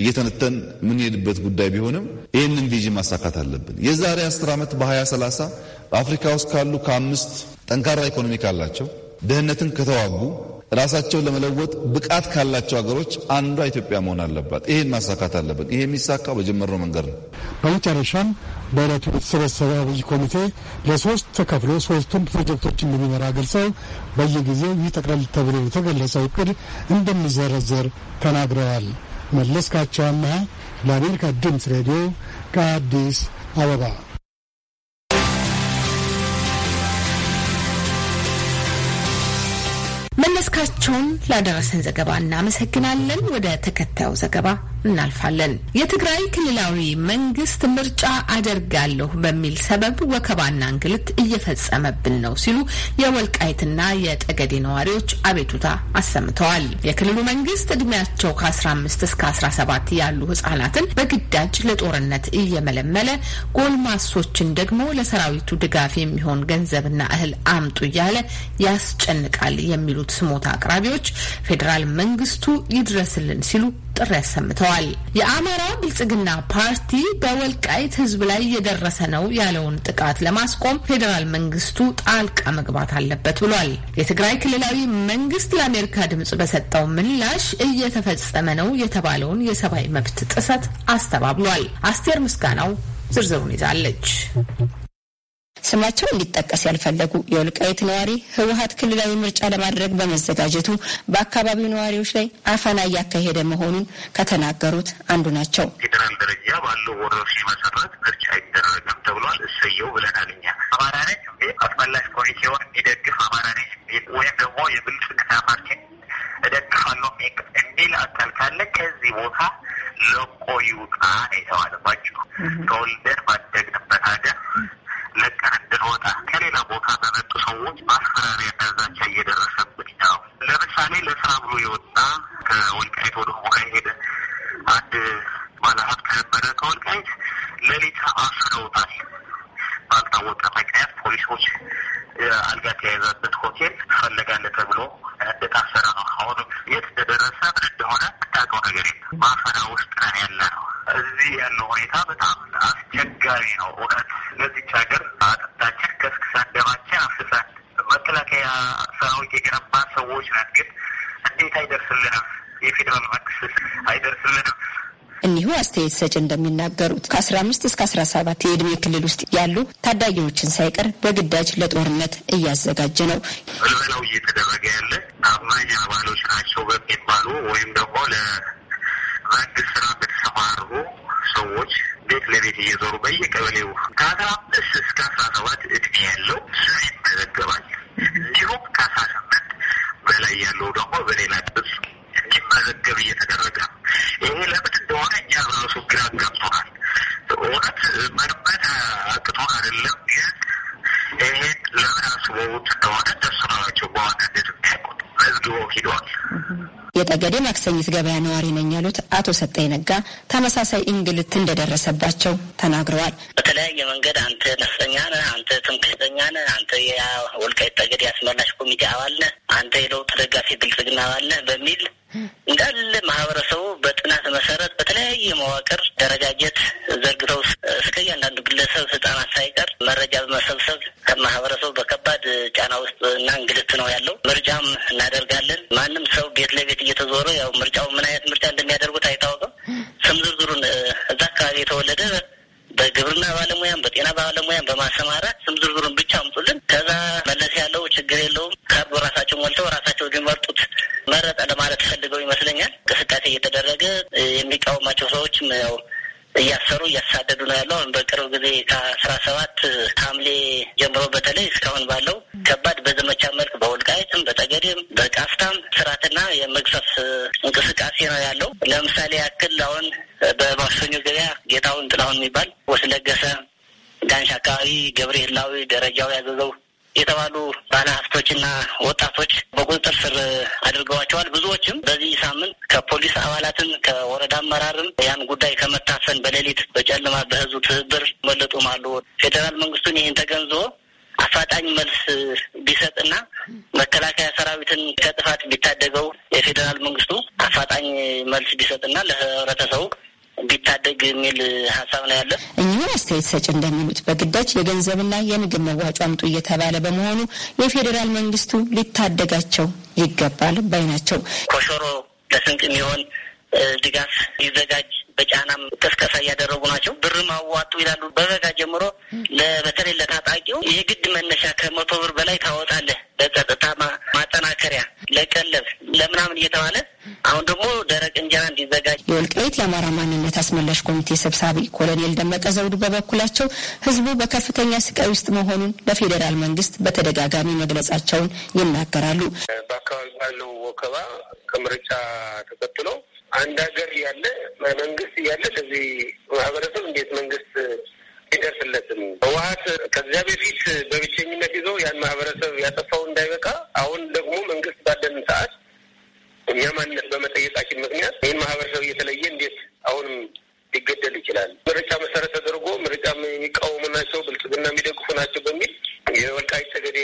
እየተነተን የምንሄድበት ጉዳይ ቢሆንም ይህንን ቪዥን ማሳካት አለብን። የዛሬ 10 ዓመት በ2030 በአፍሪካ ውስጥ ካሉ ከአምስት ጠንካራ ኢኮኖሚ ካላቸው፣ ደህንነትን ከተዋጉ ራሳቸውን ለመለወጥ ብቃት ካላቸው ሀገሮች አንዷ ኢትዮጵያ መሆን አለባት። ይህን ማሳካት አለብን። ይህ የሚሳካው በጀመርነው መንገድ ነው። በመጨረሻም በዕለቱ የተሰበሰበ አብይ ኮሚቴ ለሶስት ተከፍሎ ሶስቱን ፕሮጀክቶች እንደሚመራ ገልጸው በየጊዜው ይህ ጠቅለል ተብሎ የተገለጸው እቅድ እንደሚዘረዘር ተናግረዋል። መለስካቸው አምሃ ለአሜሪካ ድምፅ ሬዲዮ ከአዲስ አበባ መለስካቸውን ላደረሰን ዘገባ እናመሰግናለን። ወደ ተከታዩ ዘገባ እናልፋለን። የትግራይ ክልላዊ መንግስት ምርጫ አደርጋለሁ በሚል ሰበብ ወከባና እንግልት እየፈጸመብን ነው ሲሉ የወልቃይትና የጠገዴ ነዋሪዎች አቤቱታ አሰምተዋል። የክልሉ መንግስት እድሜያቸው ከ15 እስከ 17 ያሉ ህጻናትን በግዳጅ ለጦርነት እየመለመለ ጎልማሶችን ደግሞ ለሰራዊቱ ድጋፍ የሚሆን ገንዘብና እህል አምጡ እያለ ያስጨንቃል የሚሉት ስሞታ አቅራቢዎች ፌዴራል መንግስቱ ይድረስልን ሲሉ ጥሪ አሰምተዋል። የአማራ ብልጽግና ፓርቲ በወልቃይት ህዝብ ላይ እየደረሰ ነው ያለውን ጥቃት ለማስቆም ፌዴራል መንግስቱ ጣልቃ መግባት አለበት ብሏል። የትግራይ ክልላዊ መንግስት ለአሜሪካ ድምጽ በሰጠው ምላሽ እየተፈጸመ ነው የተባለውን የሰብአዊ መብት ጥሰት አስተባብሏል። አስቴር ምስጋናው ዝርዝሩን ይዛለች። ስማቸው እንዲጠቀስ ያልፈለጉ የወልቃይት ነዋሪ ህወሀት ክልላዊ ምርጫ ለማድረግ በመዘጋጀቱ በአካባቢው ነዋሪዎች ላይ አፈና እያካሄደ መሆኑን ከተናገሩት አንዱ ናቸው። ፌዴራል ደረጃ ባለው ወረርሽኝ መሰረት ምርጫ አይደረግም ተብሏል። እሰየው ብለናል። እኛ አማራ ነች አስፈላሽ ኮሚቴውን የሚደግፍ አማራ ነች ወይም ደግሞ የብልጽግና ፓርቲን እደግፋለሁ እንዲል አካል ካለ ከዚህ ቦታ ለቆ ይውጣ የተባለባቸው ተወልደን ባደግንበት ሀገር ለቀን እንድንወጣ ከሌላ ቦታ በመጡ ሰዎች ማስፈራሪያና ዛቻ እየደረሰብን ነው። ለምሳሌ ለስራ ብሎ የወጣ ከወልቃይት ወደ ሞቃ ሄደ አንድ ባለሀብት ነበረ። ከወልቃይት ሌሊት አስረውታል። ባልታወቀ ምክንያት ፖሊሶች አልጋ ተያይዛበት ሆቴል ትፈለጋለህ ተብሎ አስተያየት ሰጭ እንደሚናገሩት ከ15 እስከ 17 የእድሜ ክልል ውስጥ ያሉ ታዳጊዎችን ሳይቀር በግዳጅ ለጦርነት እያዘጋጀ ነው። የአዲስ ገበያ ነዋሪ ነኝ ያሉት አቶ ሰጠኝ ነጋ ተመሳሳይ እንግልት እንደደረሰባቸው ተናግረዋል። በተለያየ መንገድ አንተ ነፍሰኛ ነህ፣ አንተ ትምክህተኛ ነህ፣ አንተ የወልቃይት ጠገዴ አስመላሽ ኮሚቴ አባል ነህ፣ አንተ የለውጥ ደጋፊ ብልጽግና አባል ነህ በሚል እያሰሩ እያሳደዱ ነው ያለው። አሁን በቅርብ ጊዜ ከአስራ ሰባት ሐምሌ ጀምሮ በተለይ እስካሁን ባለው ከባድ በዘመቻ መልክ በወልቃይትም በጠገዴም በቃፍታም ስርዓትና የመግፈፍ እንቅስቃሴ ነው ያለው። ለምሳሌ ያክል አሁን በማክሰኞ ገበያ ጌታውን ጥላሁን የሚባል ወስለገሰ ዳንሽ አካባቢ ገብርኤላዊ ደረጃው ያዘዘው የተባሉ ባለሀብቶችና ወጣቶች በቁጥጥር ስር አድርገዋቸዋል። ብዙዎችም በዚህ ሳምንት ከፖሊስ አባላትም ከወረዳ አመራርም ያን ጉዳይ ከመታፈን በሌሊት በጨለማ በህዝቡ ትብብር መለጡም አሉ። ፌዴራል መንግስቱን ይህን ተገንዞ አፋጣኝ መልስ ቢሰጥና መከላከያ ሰራዊትን ከጥፋት ቢታደገው የፌዴራል መንግስቱ አፋጣኝ መልስ ቢሰጥና ለህብረተሰቡ ቢታደግ የሚል ሀሳብ ነው ያለን። እኚሁ አስተያየት ሰጭ እንደሚሉት በግዳጅ የገንዘብና የምግብ መዋጮ አምጡ እየተባለ በመሆኑ የፌዴራል መንግስቱ ሊታደጋቸው ይገባል ባይ ናቸው። ኮሾሮ ለስንቅ የሚሆን ድጋፍ ይዘጋጅ፣ በጫናም ቀስቀሳ እያደረጉ ናቸው። ብርም አዋጡ ይላሉ። በበጋ ጀምሮ በተለይ ለታጣቂው የግድ መነሻ ከመቶ ብር በላይ ታወጣለህ ለጸጥታ ማጠናከሪያ ለቀለብ ለምናምን እየተባለ አሁን ደግሞ ደረቅ እንጀራ እንዲዘጋጅ የወልቃይት የአማራ ማንነት አስመላሽ ኮሚቴ ሰብሳቢ ኮሎኔል ደመቀ ዘውዱ በበኩላቸው ህዝቡ በከፍተኛ ስቃይ ውስጥ መሆኑን ለፌዴራል መንግስት በተደጋጋሚ መግለጻቸውን ይናገራሉ። በአካባቢ ባለው ወከባ ከምርጫ ተከትሎ አንድ ሀገር ያለ መንግስት እያለ ለዚህ ማህበረሰብ እንዴት መንግስት ይደርስለትም ህወሀት ከዚያ በፊት በብቸኝነት ይዞ ያን ማህበረሰብ ያጠፋው እንዳይበቃ አሁን በዚህም ሰዓት እኛ ማንነት በመጠየቃችን ምክንያት ይህን ማህበረሰብ እየተለየ እንዴት አሁንም ሊገደል ይችላል? ምርጫ መሰረት ተደርጎ ምርጫ የሚቃወሙ ናቸው፣ ብልጽግና የሚደግፉ ናቸው በሚል የወልቃይት ጠገዴ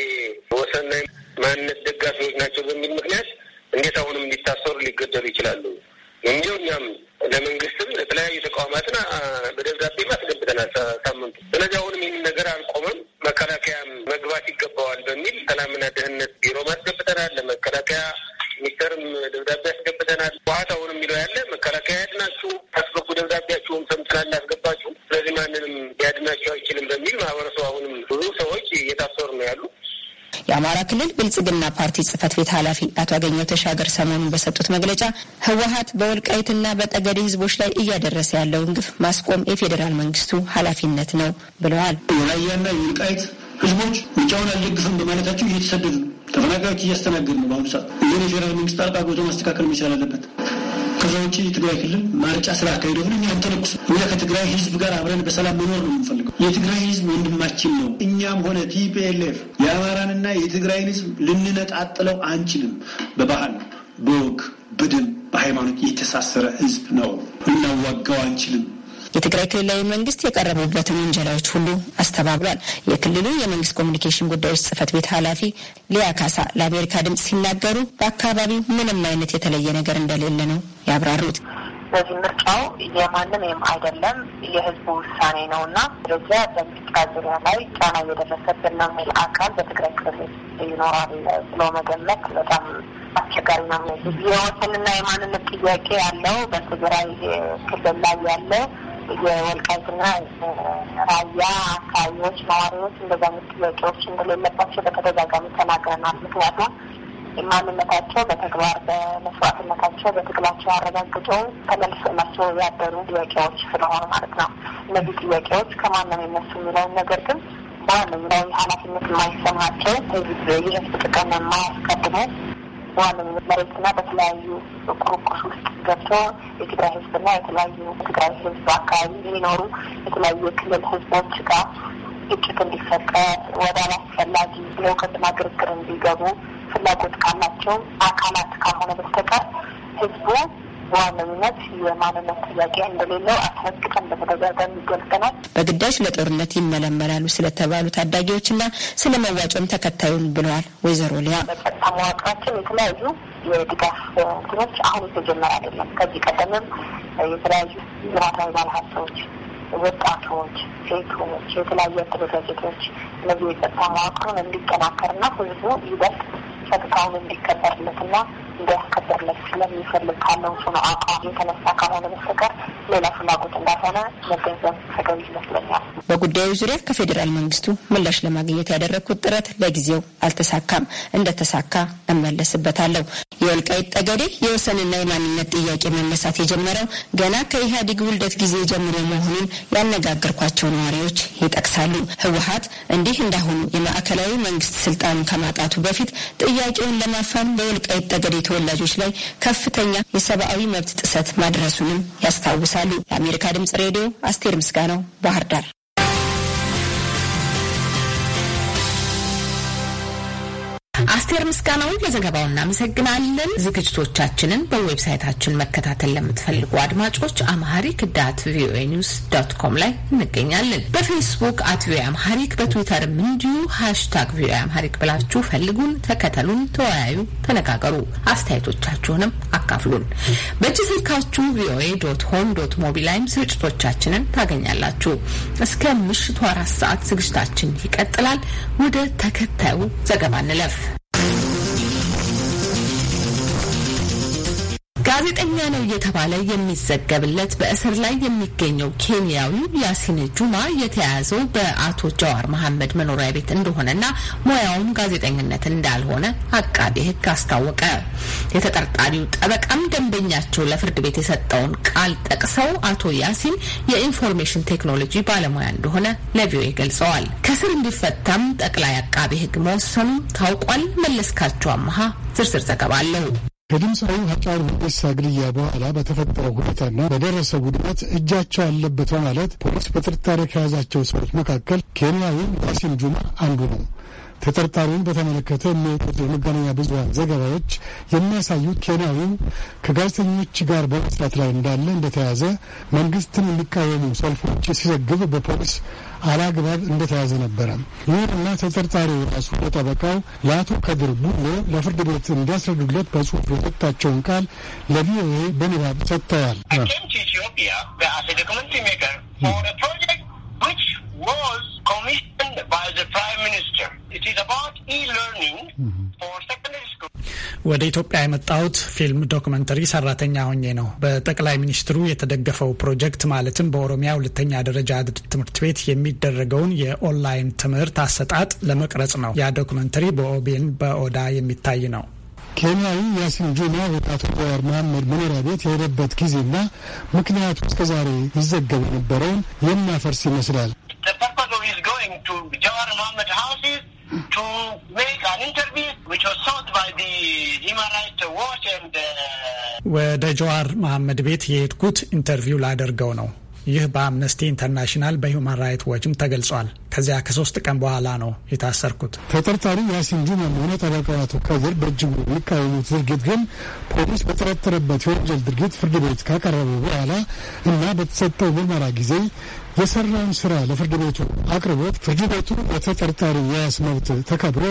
ወሰንና ማንነት ደጋፊዎች ናቸው በሚል ምክንያት እንዴት አሁንም ሊታሰሩ ሊገደሉ ይችላሉ? እንዲሁ እኛም ለመንግስትም ለተለያዩ ተቋማትን በደብዳቤ አስገብተናል። ክልል ብልጽግና ፓርቲ ጽህፈት ቤት ኃላፊ አቶ አገኘው ተሻገር ሰሞኑን በሰጡት መግለጫ ህወሀት በወልቃይትና በጠገዴ ህዝቦች ላይ እያደረሰ ያለውን ግፍ ማስቆም የፌዴራል መንግስቱ ኃላፊነት ነው ብለዋል። የራያና የወልቃይት ህዝቦች ውጫውን አልደግፍም በማለታቸው እየተሰደዱ ነው። ተፈናቃዮች እያስተናገድ ነው። በአሁኑ ሰዓት ይህን የፌዴራል መንግስት ጣልቃ ገብቶ ማስተካከል መቻል አለበት። ከዛ ውጭ የትግራይ ክልል ማርጫ ስራ አካሄደ ብሎ እኛ እኛ ከትግራይ ህዝብ ጋር አብረን በሰላም መኖር ነው የምንፈልገው። የትግራይ ህዝብ ወንድማችን ነው። እኛም ሆነ ቲፒኤልኤፍ የአማራንና የትግራይን ህዝብ ልንነጣጥለው አንችልም። በባህል፣ በወግ፣ በደም፣ በሃይማኖት የተሳሰረ ህዝብ ነው። ልናዋጋው አንችልም። የትግራይ ክልላዊ መንግስት የቀረቡበትን ውንጀላዎች ሁሉ አስተባብሏል። የክልሉ የመንግስት ኮሚኒኬሽን ጉዳዮች ጽህፈት ቤት ኃላፊ ሊያ ካሳ ለአሜሪካ ድምፅ ሲናገሩ በአካባቢው ምንም አይነት የተለየ ነገር እንደሌለ ነው ያብራሩት። ስለዚህ ምርጫው የማንም ይም አይደለም የህዝቡ ውሳኔ ነው እና ደረጃ በምርጫ ዙሪያ ላይ ጫና እየደረሰብን ነው የሚል አካል በትግራይ ክልል ይኖራል ብሎ መገመት በጣም አስቸጋሪ ነው። የወሰንና የማንነት ጥያቄ ያለው በትግራይ ክልል ላይ ያለ የወልቃይትና ራያ አካባቢዎች ነዋሪዎች እንደዛ አይነት ጥያቄዎች እንደሌለባቸው በተደጋጋሚ ተናግረናል። ምክንያቱም ማንነታቸው በተግባር በመስዋዕትነታቸው በትግላቸው አረጋግጦ ተመልሰናቸው ያደሩ ጥያቄዎች ስለሆኑ ማለት ነው። እነዚህ ጥያቄዎች ከማንም የነሱ የሚለውን ነገር ግን በዋነኛው ኃላፊነት የማይሰማቸው ህዝብ የህዝብ ጥቅም የማያስቀድሙ በዋነኝነት መሬትና በተለያዩ ቁርቁስ ውስጥ ገብቶ የትግራይ ህዝብና የተለያዩ ትግራይ ህዝብ አካባቢ የሚኖሩ የተለያዩ የክልል ህዝቦች ጋር ግጭት እንዲፈጠር ወደ አላስፈላጊ የእውቀትና ግርግር እንዲገቡ ፍላጎት ካላቸው አካላት ካልሆነ በስተቀር ህዝቡ በዋነኝነት የማንነት ጥያቄ እንደሌለው አስረግጠን በተደጋጋሚ ይገልጸናል። በግዳጅ ለጦርነት ይመለመላሉ ስለተባሉ ታዳጊዎችና ስለ መዋጮም ተከታዩን ብለዋል ወይዘሮ ሊያ። በጸጥታ መዋቅራችን የተለያዩ የድጋፍ እንትኖች አሁን የተጀመረ አይደለም። ከዚህ ቀደምም የተለያዩ ልማታዊ ባለሀብቶች፣ ወጣቶች፣ ሴቶች፣ የተለያዩ አደረጃጀቶች እነዚህ የጸጥታ መዋቅሩን እንዲጠናከርና ህዝቡ ይበልጥ ፈጥታውን እንዲከበርለት እና እንዲያስከበርለት ስለሚፈልግ ካለው ጽኑ አቋም የተነሳ ካልሆነ በስተቀር ሌላ ፍላጎት እንዳልሆነ መገንዘብ ተገቢ ይመስለኛል። በጉዳዩ ዙሪያ ከፌዴራል መንግስቱ ምላሽ ለማግኘት ያደረግኩት ጥረት ለጊዜው አልተሳካም። እንደተሳካ እመለስበታለሁ። የወልቃይት ጠገዴ የወሰንና የማንነት ጥያቄ መነሳት የጀመረው ገና ከኢህአዴግ ውልደት ጊዜ ጀምሮ መሆኑን ያነጋገርኳቸው ነዋሪዎች ይጠቅሳሉ። ህወሀት እንዲህ እንዳሁኑ የማዕከላዊ መንግስት ስልጣን ከማጣቱ በፊት ጥያቄውን ለማፋን በወልቃይት ጠገዴ ተወላጆች ላይ ከፍተኛ የሰብአዊ መብት ጥሰት ማድረሱንም ያስታውሳሉ። ለአሜሪካ ድምጽ ሬዲዮ አስቴር ምስጋናው ባህር ዳር። አስቴር ምስጋናውን ለዘገባው እናመሰግናለን። ዝግጅቶቻችንን በዌብሳይታችን መከታተል ለምትፈልጉ አድማጮች አምሃሪክ ዳት ቪኦኤ ኒውስ ዶት ኮም ላይ እንገኛለን። በፌስቡክ አት ቪኦኤ አምሃሪክ፣ በትዊተርም እንዲሁ ሃሽታግ ቪኦኤ አምሃሪክ ብላችሁ ፈልጉን፣ ተከተሉን፣ ተወያዩ፣ ተነጋገሩ። አስተያየቶቻችሁንም አካፍሉን። በእጅ ስልካችሁ ቪኦኤ ዶት ሆም ዶት ሞቢ ላይም ስርጭቶቻችንን ታገኛላችሁ። እስከ ምሽቱ አራት ሰዓት ዝግጅታችን ይቀጥላል። ወደ ተከታዩ ዘገባ እንለፍ። ጋዜጠኛ ነው እየተባለ የሚዘገብለት በእስር ላይ የሚገኘው ኬንያዊ ያሲን ጁማ የተያያዘው በአቶ ጃዋር መሐመድ መኖሪያ ቤት እንደሆነና ሙያውም ጋዜጠኝነት እንዳልሆነ አቃቤ ሕግ አስታወቀ። የተጠርጣሪው ጠበቃም ደንበኛቸው ለፍርድ ቤት የሰጠውን ቃል ጠቅሰው አቶ ያሲን የኢንፎርሜሽን ቴክኖሎጂ ባለሙያ እንደሆነ ለቪኦኤ ገልጸዋል። ከስር እንዲፈታም ጠቅላይ አቃቤ ሕግ መወሰኑ ታውቋል። መለስካቸው አመሃ ዝርዝር ዘገባ አለው። ከድምፃዊው ሃጫሉ ሁንዴሳ ግድያ በኋላ በተፈጠረው ሁኔታና በደረሰው ውድመት እጃቸው አለበት በማለት ፖሊስ በጥርጣሬ ከያዛቸው ሰዎች መካከል ኬንያዊው ዋሲም ጁማ አንዱ ነው። ተጠርጣሪውን በተመለከተ የሚወጡት የመገናኛ ብዙሀን ዘገባዎች የሚያሳዩት ኬንያዊው ከጋዜጠኞች ጋር በመስራት ላይ እንዳለ እንደተያዘ መንግስትን የሚቃወሙ ሰልፎች ሲዘግብ በፖሊስ አላግባብ እንደተያዘ ነበረ። ይሁንና ተጠርጣሪው ራሱ ለጠበቃው ለአቶ ከድር ቡሎ ለፍርድ ቤት እንዲያስረዱለት በጽሁፍ የሰጣቸውን ቃል ለቪኦኤ በንባብ ሰጥተዋል። was commissioned ወደ ኢትዮጵያ የመጣሁት ፊልም ዶክመንተሪ ሰራተኛ ሆኜ ነው። በጠቅላይ ሚኒስትሩ የተደገፈው ፕሮጀክት ማለትም በኦሮሚያ ሁለተኛ ደረጃ ትምህርት ቤት የሚደረገውን የኦንላይን ትምህርት አሰጣጥ ለመቅረጽ ነው። ያ ዶክመንተሪ በኦቤን በኦዳ የሚታይ ነው። ኬንያዊ ያሲን ጁማ ወጣቱ አቶ ጀዋር መሐመድ መኖሪያ ቤት የሄደበት ጊዜና ምክንያቱ እስከዛሬ ይዘገብ የነበረውን የሚያፈርስ ይመስላል። ጀዋር መሐመድ ሀውስ ቱ ሜክ አን ኢንተርቪው ወደ ጀዋር መሐመድ ቤት የሄድኩት ኢንተርቪው ላደርገው ነው። ይህ በአምነስቲ ኢንተርናሽናል በሂውማን ራይት ዎችም ተገልጿል። ከዚያ ከሶስት ቀን በኋላ ነው የታሰርኩት። ተጠርጣሪ ያሲን ጁማ መሆነ ጠበቃው አቶ ከድር በእጅጉ የሚቃወሙት ድርጊት ግን ፖሊስ በተጠረጠረበት የወንጀል ድርጊት ፍርድ ቤት ካቀረበ በኋላ እና በተሰጠው ምርመራ ጊዜ የሰራውን ስራ ለፍርድ ቤቱ አቅርቦት ፍርድ ቤቱ በተጠርጣሪ የያስ መብት ተከብሮ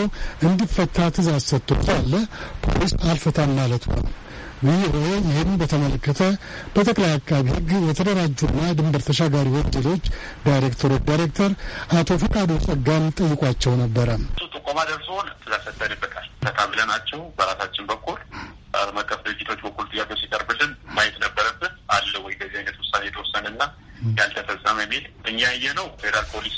እንዲፈታ ትእዛዝ ሰጥቶ ሳለ ፖሊስ አልፈታም ማለቱ ነው። ቪኦኤ ይህን በተመለከተ በጠቅላይ አቃቢ ሕግ የተደራጁና ድንበር ተሻጋሪ ወንጀሎች ዳይሬክተሮች ዳይሬክተር አቶ ፈቃዱ ጸጋም ጠይቋቸው ነበረ። ጥቆማ ደርሶን ትእዛዝ ሰጥተንበታል። ፈታ ብለናቸው በራሳችን በኩል ዓለም አቀፍ ድርጅቶች በኩል ጥያቄ ሲቀርብልን ማየት ነበረብን አለ ወይ ከዚህ አይነት ውሳኔ የተወሰነና ያልተፈጸመ የሚል እኛ ያየ ነው። ፌዴራል ፖሊስ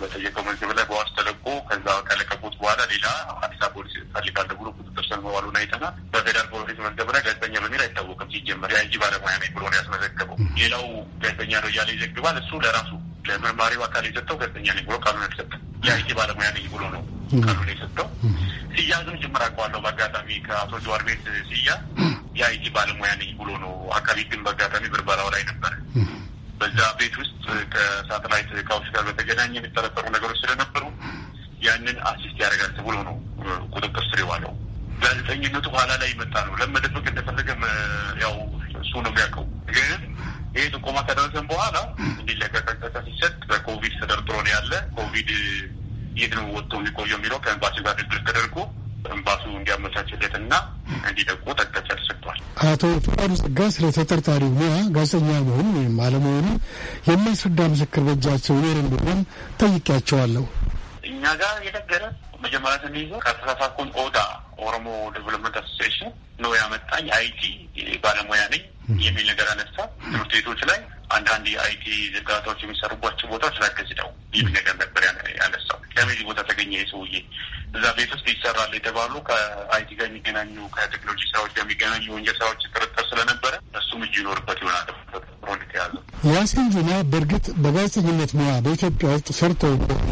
በጠየቀው ምግብ ላይ በዋስ ተለቆ ከዛ ከለቀቁት በኋላ ሌላ አዲስ አበባ ፖሊስ ፈልጋለ ብሎ ቁጥጥር ስር መዋሉን አይተናል። በፌዴራል ፖሊስ መዝገብ ላይ ጋዜጠኛ በሚል አይታወቅም። ሲጀመር የአይጂ ባለሙያ ነኝ ብሎ ነው ያስመዘገበው። ሌላው ጋዜጠኛ ነው እያለ ይዘግባል። እሱ ለራሱ ለመርማሪው አካል የሰጠው ጋዜጠኛ ነኝ ብሎ ቃሉን ያልሰጠ የአይጂ ባለሙያ ነኝ ብሎ ነው ቃሉን የሰጠው። ሲያዝም ጭምር አውቀዋለሁ። በአጋጣሚ ከአቶ ጀዋር ቤት ሲያዝ የአይጂ ባለሙያ ነኝ ብሎ ነው አካባቢ ግን በአጋጣሚ ብርበራው ላይ ነበር በዛ ቤት ውስጥ ከሳተላይት እቃዎች ጋር በተገናኘ የሚጠረጠሩ ነገሮች ስለነበሩ ያንን አሲስት ያደርጋል ተብሎ ነው ቁጥጥር ስር የዋለው። ጋዜጠኝነቱ ኋላ ላይ መጣ ነው። ለመደበቅ እንደፈለገ ያው እሱ ነው የሚያውቀው። ግን ይሄ ጥቆማ ከደረሰን በኋላ እንዲለቀቀቀ ሲሰጥ በኮቪድ ተደርድሮ ነው ያለ። ኮቪድ የት ነው ወጥቶ የሚቆየው የሚለው ከኤምባሲው ጋር ድርድር ተደርጎ ኤምባሲው እንዲያመቻችለት እና እንዲለቁ አቅጣጫ ተሰጥቷል። አቶ ፍቃዱ ጸጋ ስለ ተጠርጣሪው ሙያ ጋዜጠኛ መሆን ወይም አለመሆኑ የሚያስረዳ ምስክር በእጃቸው ኖር እንደሆን ጠይቄያቸዋለሁ። እኛ ጋር የነገረ መጀመሪያ ስንይዘው ከተሳሳኩን ኦዳ ኦሮሞ ዴቨሎፕመንት አሶሲሽን ነው ያመጣኝ አይቲ ባለሙያ ነኝ የሚል ነገር አነሳ ትምህርት ቤቶች ላይ አንዳንድ የአይቲ ዝርጋታዎች የሚሰሩባቸው ቦታዎች ረገዝ ነው ይህ ነገር ነበር ያነሳው። ከሚዚ ቦታ ተገኘ ሰውዬ እዛ ቤት ውስጥ ይሰራል የተባሉ ከአይቲ ጋር የሚገናኙ ከቴክኖሎጂ ስራዎች ጋር የሚገናኙ ወንጀል ስራዎች ጥርጥር ስለነበረ እሱም እጅ ይኖርበት ይሆናል ሮል ዋሲን ዜና። በእርግጥ በጋዜጠኝነት ሙያ በኢትዮጵያ ውስጥ ሰርቶ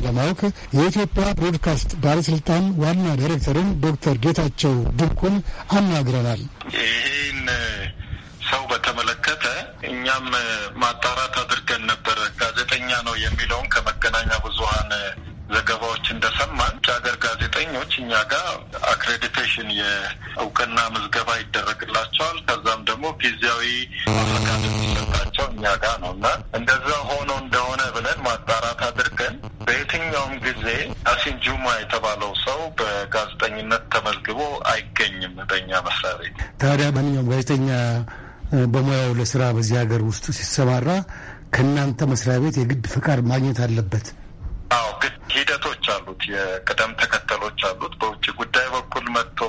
ለማወቅ የኢትዮጵያ ብሮድካስት ባለስልጣን ዋና ዳይሬክተርን ዶክተር ጌታቸው ድንቁን አናግረናል። ይህን ሰው በተመለ እኛም ማጣራት አድርገን ነበር። ጋዜጠኛ ነው የሚለውን ከመገናኛ ብዙኃን ዘገባዎች እንደሰማን ውጭ ሀገር ጋዜጠኞች እኛ ጋር አክሬዲቴሽን የእውቅና ምዝገባ ይደረግላቸዋል። ከዛም ደግሞ ጊዜያዊ ፈቃድ የሚሰጣቸው እኛ ጋር ነው እና እንደዛ ሆኖ እንደሆነ ብለን ማጣራት አድርገን በየትኛውም ጊዜ አሲን ጁማ የተባለው ሰው በጋዜጠኝነት ተመዝግቦ አይገኝም በእኛ መስሪያ ቤት። ታዲያ ማንኛውም ጋዜጠኛ በሙያው ለስራ በዚህ ሀገር ውስጥ ሲሰማራ ከእናንተ መስሪያ ቤት የግድ ፍቃድ ማግኘት አለበት? አዎ፣ ግድ ሂደቶች አሉት፣ የቅደም ተከተሎች አሉት። በውጭ ጉዳይ በኩል መጥቶ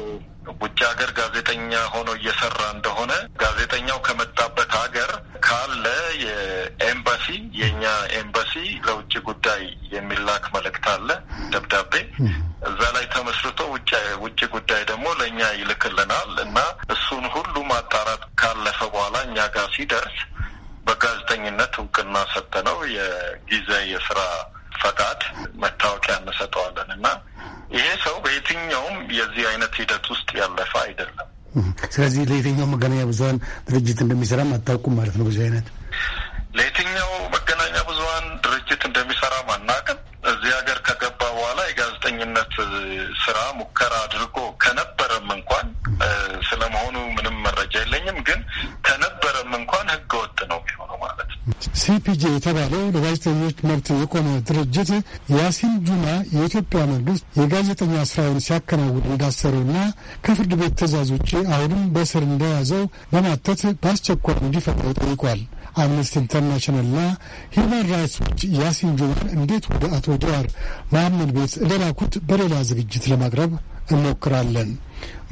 ውጭ ሀገር ጋዜጠኛ ሆኖ እየሰራ እንደሆነ ጋዜጠኛው ከመጣበት ሀገር ካለ የኤምባሲ የእኛ ኤምባሲ ለውጭ ጉዳይ የሚላክ መልእክት አለ ደብዳቤ እዛ ላይ ተመስርቶ ውጭ ጉዳይ ደግሞ ለእኛ ይልክልናል እና እሱን ሁሉ ማጣራት ካለ ሲደርስ በጋዜጠኝነት እውቅና ሰጠነው የጊዜ የስራ ፈቃድ መታወቂያ እንሰጠዋለን እና ይሄ ሰው በየትኛውም የዚህ አይነት ሂደት ውስጥ ያለፈ አይደለም። ስለዚህ ለየትኛው መገናኛ ብዙሀን ድርጅት እንደሚሰራም አታውቁም ማለት ነው። በዚህ አይነት ለየትኛው መገናኛ ብዙሀን ድርጅት እንደሚሰራም አናውቅም። እዚህ ሀገር ከገባ በኋላ የጋዜጠኝነት ስራ ሙከራ አድርጎ ሲፒጄ የተባለው ለጋዜጠኞች መብት የቆመ ድርጅት ያሲን ጁማ የኢትዮጵያ መንግስት የጋዜጠኛ ስራውን ሲያከናውን እንዳሰረውና ከፍርድ ቤት ትዕዛዝ ውጭ አሁንም በስር እንደያዘው በማተት በአስቸኳይ እንዲፈታው ጠይቋል። አምነስቲ ኢንተርናሽናልና ሂውማን ራይትስ ዎች ያሲን ጁማን እንዴት ወደ አቶ ጀዋር መሐመድ ቤት እንደላኩት በሌላ ዝግጅት ለማቅረብ እንሞክራለን።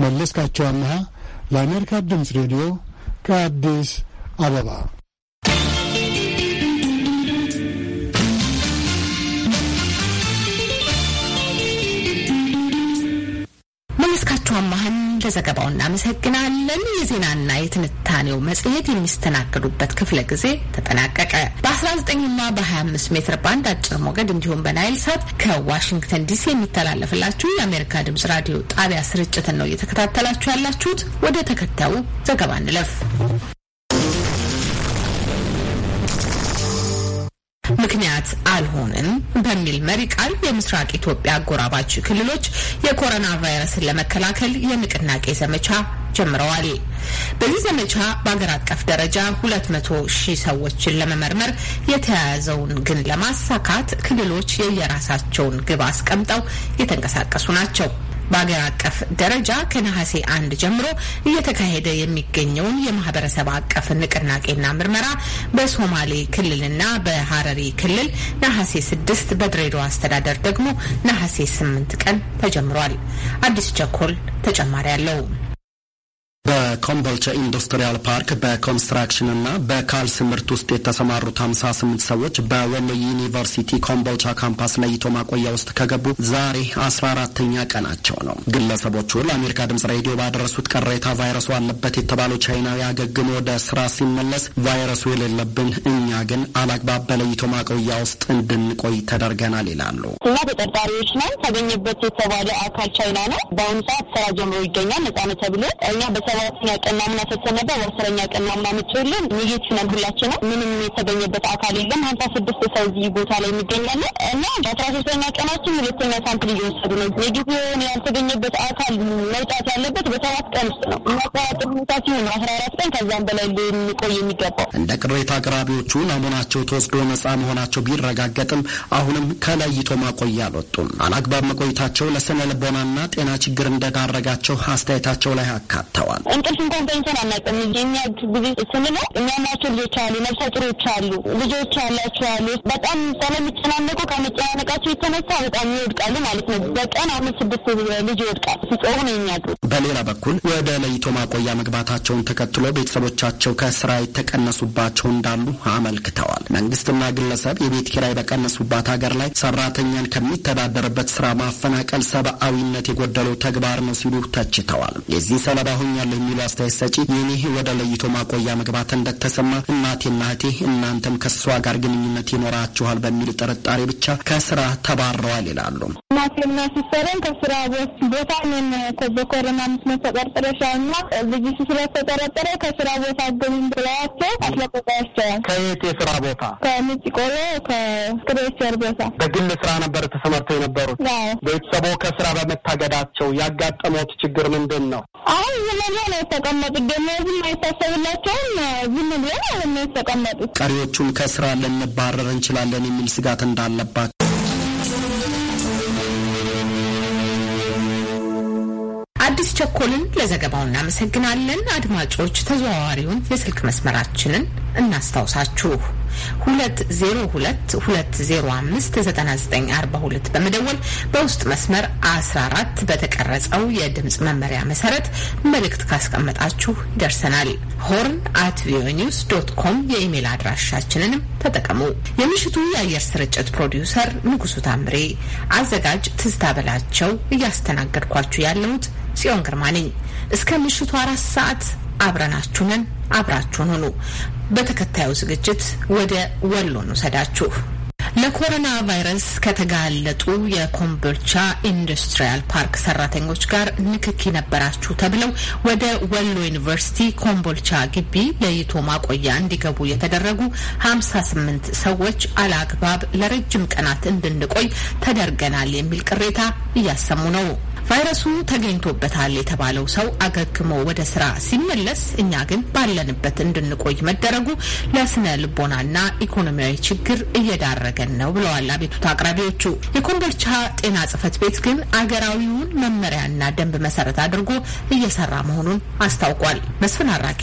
መለስካቸው አመሃ ለአሜሪካ ድምፅ ሬዲዮ ከአዲስ አበባ መለስካቸው አማህን ለዘገባው እናመሰግናለን። የዜናና የትንታኔው መጽሔት የሚስተናገዱበት ክፍለ ጊዜ ተጠናቀቀ። በ19ና በ25 ሜትር ባንድ አጭር ሞገድ እንዲሁም በናይል ሳት ከዋሽንግተን ዲሲ የሚተላለፍላችሁ የአሜሪካ ድምጽ ራዲዮ ጣቢያ ስርጭትን ነው እየተከታተላችሁ ያላችሁት። ወደ ተከታዩ ዘገባ እንለፍ። ምክንያት አልሆንም በሚል መሪ ቃል የምስራቅ ኢትዮጵያ አጎራባች ክልሎች የኮሮና ቫይረስን ለመከላከል የንቅናቄ ዘመቻ ጀምረዋል። በዚህ ዘመቻ በአገር አቀፍ ደረጃ ሁለት መቶ ሺህ ሰዎችን ለመመርመር የተያያዘውን ግን ለማሳካት ክልሎች የየራሳቸውን ግብ አስቀምጠው የተንቀሳቀሱ ናቸው። በአገር አቀፍ ደረጃ ከነሐሴ አንድ ጀምሮ እየተካሄደ የሚገኘውን የማህበረሰብ አቀፍ ንቅናቄና ምርመራ በሶማሌ ክልልና በሀረሪ ክልል ነሐሴ ስድስት በድሬዳዋ አስተዳደር ደግሞ ነሐሴ ስምንት ቀን ተጀምሯል። አዲስ ቸኮል ተጨማሪ አለው። በኮምቦልቻ ኢንዱስትሪያል ፓርክ በኮንስትራክሽንና በካልስ ምርት ውስጥ የተሰማሩት 58 ሰዎች በወሎ ዩኒቨርሲቲ ኮምቦልቻ ካምፓስ ለይቶ ማቆያ ውስጥ ከገቡ ዛሬ 14ተኛ ቀናቸው ነው። ግለሰቦቹ ለአሜሪካ ድምጽ ሬዲዮ ባደረሱት ቅሬታ ቫይረሱ አለበት የተባለው ቻይናዊ አገግሞ ወደ ስራ ሲመለስ ቫይረሱ የሌለብን እኛ ግን አላግባብ በለይቶ ማቆያ ውስጥ እንድንቆይ ተደርገናል ይላሉ። እና ተጠርጣሪዎች ነን ተገኘበት የተባለ አካል ቻይና ነው። በአሁኑ ሰዓት ስራ ጀምሮ ይገኛል ነጻነ ተብሎ እኛ ሰባተኛ ቀን ማምና ተሰነባ በአስረኛ ቀን ማምና ምቸው የለን ልጆች ነን ነው ምንም የተገኘበት አካል የለም። ሀምሳ ስድስት ሰው እዚህ ቦታ ላይ የሚገኛለ እና በአስራ ሶስተኛ ቀናችን ሁለተኛ ሳምፕል እየወሰዱ ነው። የጊዜውን ያልተገኘበት አካል መውጣት ያለበት በሰባት ቀን ውስጥ ነው። ማቋራጥር ሁኔታ ሲሆን አስራ አራት ቀን ከዛም በላይ ልንቆይ የሚገባው እንደ ቅሬታ አቅራቢዎቹ ናሙናቸው ተወስዶ ነጻ መሆናቸው ቢረጋገጥም አሁንም ከለይቶ ማቆያ አልወጡም። አላግባብ መቆይታቸው ለስነ ልቦናና ጤና ችግር እንደዳረጋቸው አስተያየታቸው ላይ አካተዋል። እንቅልፍ እንኳን ተኝተን አናውቅም። የኛ ጊዜ ስንለው የሚያማቸው ልጆች አሉ፣ ነፍሰ ጡሮች አሉ፣ ልጆች ያላቸው አሉ። በጣም ስለሚጨናነቁ ከመጨናነቃቸው የተነሳ በጣም ይወድቃሉ ማለት ነው። በቀን አምስት ስድስት ልጅ ይወድቃል ሲጮሁ ነው የሚያድሩ። በሌላ በኩል ወደ ለይቶ ማቆያ መግባታቸውን ተከትሎ ቤተሰቦቻቸው ከስራ የተቀነሱባቸው እንዳሉ አመልክተዋል። መንግስትና ግለሰብ የቤት ኪራይ በቀነሱባት ሀገር ላይ ሰራተኛን ከሚተዳደርበት ስራ ማፈናቀል ሰብአዊነት የጎደለው ተግባር ነው ሲሉ ተችተዋል። የዚህ ሰለባ ሆኛለሁ የሚሉ አስተያየት ሰጪ የኔ ወደ ለይቶ ማቆያ መግባት እንደተሰማ እናቴና እህቴ እናንተም ከእሷ ጋር ግንኙነት ይኖራችኋል በሚል ጥርጣሬ ብቻ ከስራ ተባረዋል ይላሉ። እናቴና ሲሰረን ከስራ ቦታ ምን በኮረና ምክንያት ተጠርጥረሻል እና ዝግጅ ስለተጠረጠረ ከስራ ቦታ አገቡም ብለዋቸው አስለቀቋቸዋል። ከየት የስራ ቦታ? ከምጭቆሎ ከክሬቸር ቦታ በግል ስራ ነበር ተሰማርተው የነበሩት። ቤተሰቦ ከስራ በመታገዳቸው ያጋጠመት ችግር ምንድን ነው? አሁን ዝም ብሎ ነው የተቀመጡት። ደሞዝም አይታሰብላቸውም። ዝም ብሎ ነው የተቀመጡት። ቀሪዎቹን ከስራ ልንባረር እንችላለን የሚል ስጋት እንዳለባቸው አዲስ ቸኮልን ለዘገባው እናመሰግናለን። አድማጮች ተዘዋዋሪውን የስልክ መስመራችንን እናስታውሳችሁ 2022059942 በመደወል በውስጥ መስመር 14 በተቀረጸው የድምፅ መመሪያ መሰረት መልእክት ካስቀመጣችሁ ይደርሰናል። ሆርን አት ቪኦኤ ኒውስ ዶት ኮም የኢሜል አድራሻችንንም ተጠቀሙ። የምሽቱ የአየር ስርጭት ፕሮዲውሰር ንጉሱ ታምሬ፣ አዘጋጅ ትዝታ በላቸው፣ እያስተናገድኳችሁ ያለሁት ጽዮን ግርማ ነኝ። እስከ ምሽቱ አራት ሰዓት አብረናችሁንን አብራችሁን ሁኑ። በተከታዩ ዝግጅት ወደ ወሎ እንውሰዳችሁ። ለኮሮና ቫይረስ ከተጋለጡ የኮምቦልቻ ኢንዱስትሪያል ፓርክ ሰራተኞች ጋር ንክኪ ነበራችሁ ተብለው ወደ ወሎ ዩኒቨርሲቲ ኮምቦልቻ ግቢ ለይቶ ማቆያ እንዲገቡ የተደረጉ 58 ሰዎች አላግባብ ለረጅም ቀናት እንድንቆይ ተደርገናል የሚል ቅሬታ እያሰሙ ነው። ቫይረሱ ተገኝቶበታል የተባለው ሰው አገግሞ ወደ ስራ ሲመለስ እኛ ግን ባለንበት እንድንቆይ መደረጉ ለስነ ልቦናና ኢኮኖሚያዊ ችግር እየዳረገን ነው ብለዋል አቤቱታ አቅራቢዎቹ። የኮምቦልቻ ጤና ጽህፈት ቤት ግን አገራዊውን መመሪያና ደንብ መሰረት አድርጎ እየሰራ መሆኑን አስታውቋል። መስፍን አራጌ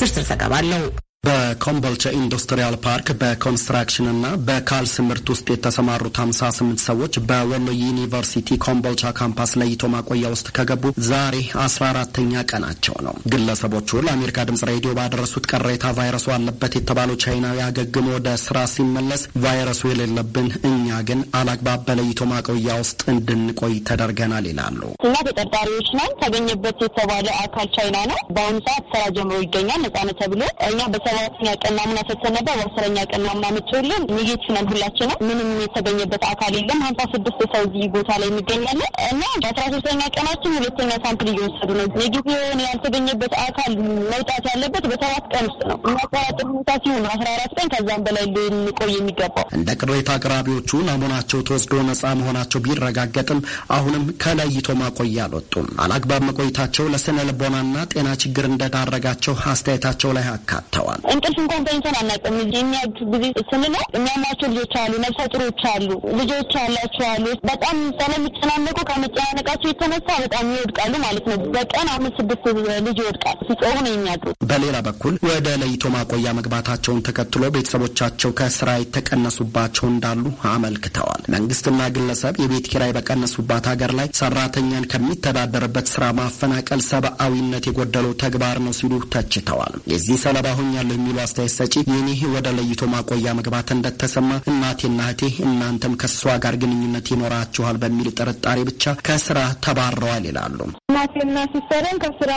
ዝርዝር ዘገባ አለው። በኮምቦልቻ ኢንዱስትሪያል ፓርክ በኮንስትራክሽንና በካልስ ምርት ውስጥ የተሰማሩት 58 ሰዎች በወሎ ዩኒቨርሲቲ ኮምቦልቻ ካምፓስ ለይቶ ማቆያ ውስጥ ከገቡ ዛሬ 14ተኛ ቀናቸው ነው። ግለሰቦቹ ለአሜሪካ ድምጽ ሬዲዮ ባደረሱት ቅሬታ ቫይረሱ አለበት የተባለው ቻይናዊ አገግሞ ወደ ስራ ሲመለስ ቫይረሱ የሌለብን እኛ ግን አላግባብ በለይቶ ማቆያ ውስጥ እንድንቆይ ተደርገናል ይላሉ። እኛ ተጠርጣሪዎች ነን። ተገኘበት የተባለ አካል ቻይና ነው። በአሁኑ ሰዓት ስራ ጀምሮ ይገኛል ነጻነ ተብሎ እኛ ሰባተኛ ቀን ናሙና ተሰነበ በአስረኛ ቀን ናሙና ምትውልን ኔጌቲቭ ነን ሁላችንም ምንም የተገኘበት አካል የለም። ሀምሳ ስድስት ሰው እዚህ ቦታ ላይ የሚገኛለን እና አስራ ሶስተኛ ቀናችን ሁለተኛ ሳምፕል እየወሰዱ ነው። ኔጌቲቭ የሆነ ያልተገኘበት አካል መውጣት ያለበት በሰባት ቀን ውስጥ ነው። የሚያቋራጥር ሁኔታ ሲሆን አስራ አራት ቀን ከዛም በላይ ልንቆይ የሚገባው። እንደ ቅሬታ አቅራቢዎቹ ናሙናቸው ተወስዶ ነጻ መሆናቸው ቢረጋገጥም አሁንም ከለይቶ ማቆያ አልወጡም። አላግባብ መቆይታቸው ለስነ ልቦናና ጤና ችግር እንደዳረጋቸው አስተያየታቸው ላይ አካተዋል። እንቅልፍ እንኳን ተኝተን አናውቅም። የሚያድ ጊዜ ስንለው የሚያማቸው ልጆች አሉ፣ ነፍሰ ጡሮች አሉ፣ ልጆች ያላቸው አሉ። በጣም ስለሚጨናነቁ ከመጨናነቃቸው የተነሳ በጣም ይወድቃሉ ማለት ነው። በቀን አምስት ስድስት ልጅ ይወድቃል። ሲጾሙ ነው የሚያድሩ። በሌላ በኩል ወደ ለይቶ ማቆያ መግባታቸውን ተከትሎ ቤተሰቦቻቸው ከስራ የተቀነሱባቸው እንዳሉ አመልክተዋል። መንግስትና ግለሰብ የቤት ኪራይ በቀነሱባት ሀገር ላይ ሰራተኛን ከሚተዳደርበት ስራ ማፈናቀል ሰብአዊነት የጎደለው ተግባር ነው ሲሉ ተችተዋል። የዚህ ሰለባ ሆኛለሁ አውቃለሁ የሚሉ አስተያየት ሰጪ የኔ ወደ ለይቶ ማቆያ መግባት እንደተሰማ እናቴና እህቴ እናንተም ከእሷ ጋር ግንኙነት ይኖራችኋል በሚል ጥርጣሬ ብቻ ከስራ ተባረዋል ይላሉ። እናቴና ሲሰረን ከስራ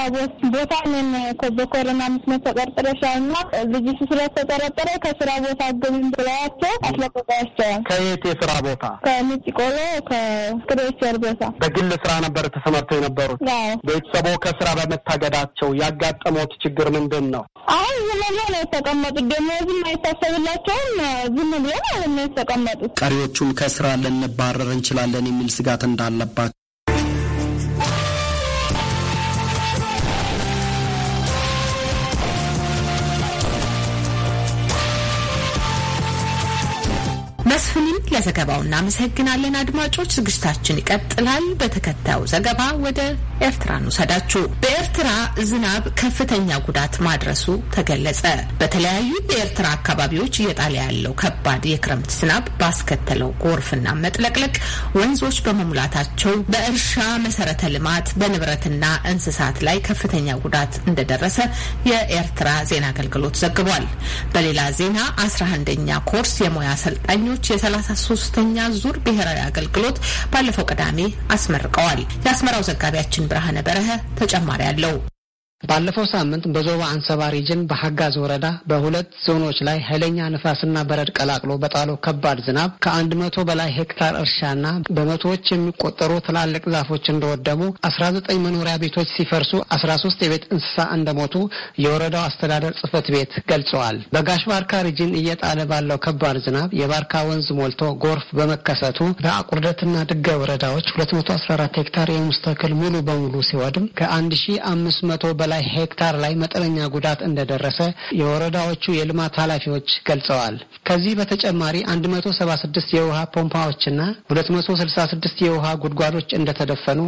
ቦታ ምን በኮረና ምክንያት ተጠርጥረሻል እና ልጅሽ ስለተጠረጠረ ከስራ ቦታ አገቢም ብለዋቸው አስለቀቋቸዋል። ከየት የስራ ቦታ? ከምጭቆሎ ከክሬቸር ቦታ በግል ስራ ነበር ተሰማርተው የነበሩት። ቤተሰቦ ከስራ በመታገዳቸው ያጋጠሞት ችግር ምንድን ነው? አሁን ዝመለ ነው የተቀመጡት። ዝም አይታሰብላቸውም። ዝም ብሎ ነው የተቀመጡት። ቀሪዎቹም ከስራ ልንባረር እንችላለን የሚል ስጋት እንዳለባቸው ለዘገባው እናመሰግናለን። አድማጮች ዝግጅታችን ይቀጥላል። በተከታዩ ዘገባ ወደ ኤርትራ እንውሰዳችሁ። በኤርትራ ዝናብ ከፍተኛ ጉዳት ማድረሱ ተገለጸ። በተለያዩ የኤርትራ አካባቢዎች እየጣለ ያለው ከባድ የክረምት ዝናብ ባስከተለው ጎርፍና መጥለቅለቅ ወንዞች በመሙላታቸው በእርሻ መሰረተ ልማት፣ በንብረትና እንስሳት ላይ ከፍተኛ ጉዳት እንደደረሰ የኤርትራ ዜና አገልግሎት ዘግቧል። በሌላ ዜና አስራ አንደኛ ኮርስ የሙያ አሰልጣኞች የ ሶስተኛ ዙር ብሔራዊ አገልግሎት ባለፈው ቅዳሜ አስመርቀዋል። የአስመራው ዘጋቢያችን ብርሃነ በረሀ ተጨማሪ አለው። ባለፈው ሳምንት በዞባ አንሰባ ሪጅን በሀጋዝ ወረዳ በሁለት ዞኖች ላይ ኃይለኛ ንፋስና በረድ ቀላቅሎ በጣለው ከባድ ዝናብ ከአንድ መቶ በላይ ሄክታር እርሻና በመቶዎች የሚቆጠሩ ትላልቅ ዛፎች እንደወደሙ፣ አስራ ዘጠኝ መኖሪያ ቤቶች ሲፈርሱ፣ አስራ ሶስት የቤት እንስሳ እንደሞቱ የወረዳው አስተዳደር ጽህፈት ቤት ገልጸዋል። በጋሽ ባርካ ሪጅን እየጣለ ባለው ከባድ ዝናብ የባርካ ወንዝ ሞልቶ ጎርፍ በመከሰቱ በአቁርደትና ድገ ወረዳዎች ሁለት መቶ አስራ አራት ሄክታር የሙስተክል ተክል ሙሉ በሙሉ ሲወድም ከአንድ ሺ አምስት መቶ በላይ በላይ ሄክታር ላይ መጠነኛ ጉዳት እንደደረሰ የወረዳዎቹ የልማት ኃላፊዎች ገልጸዋል። ከዚህ በተጨማሪ 176 የውሃ ፖምፓዎችና 266 የውሃ ጉድጓዶች እንደተደፈኑ፣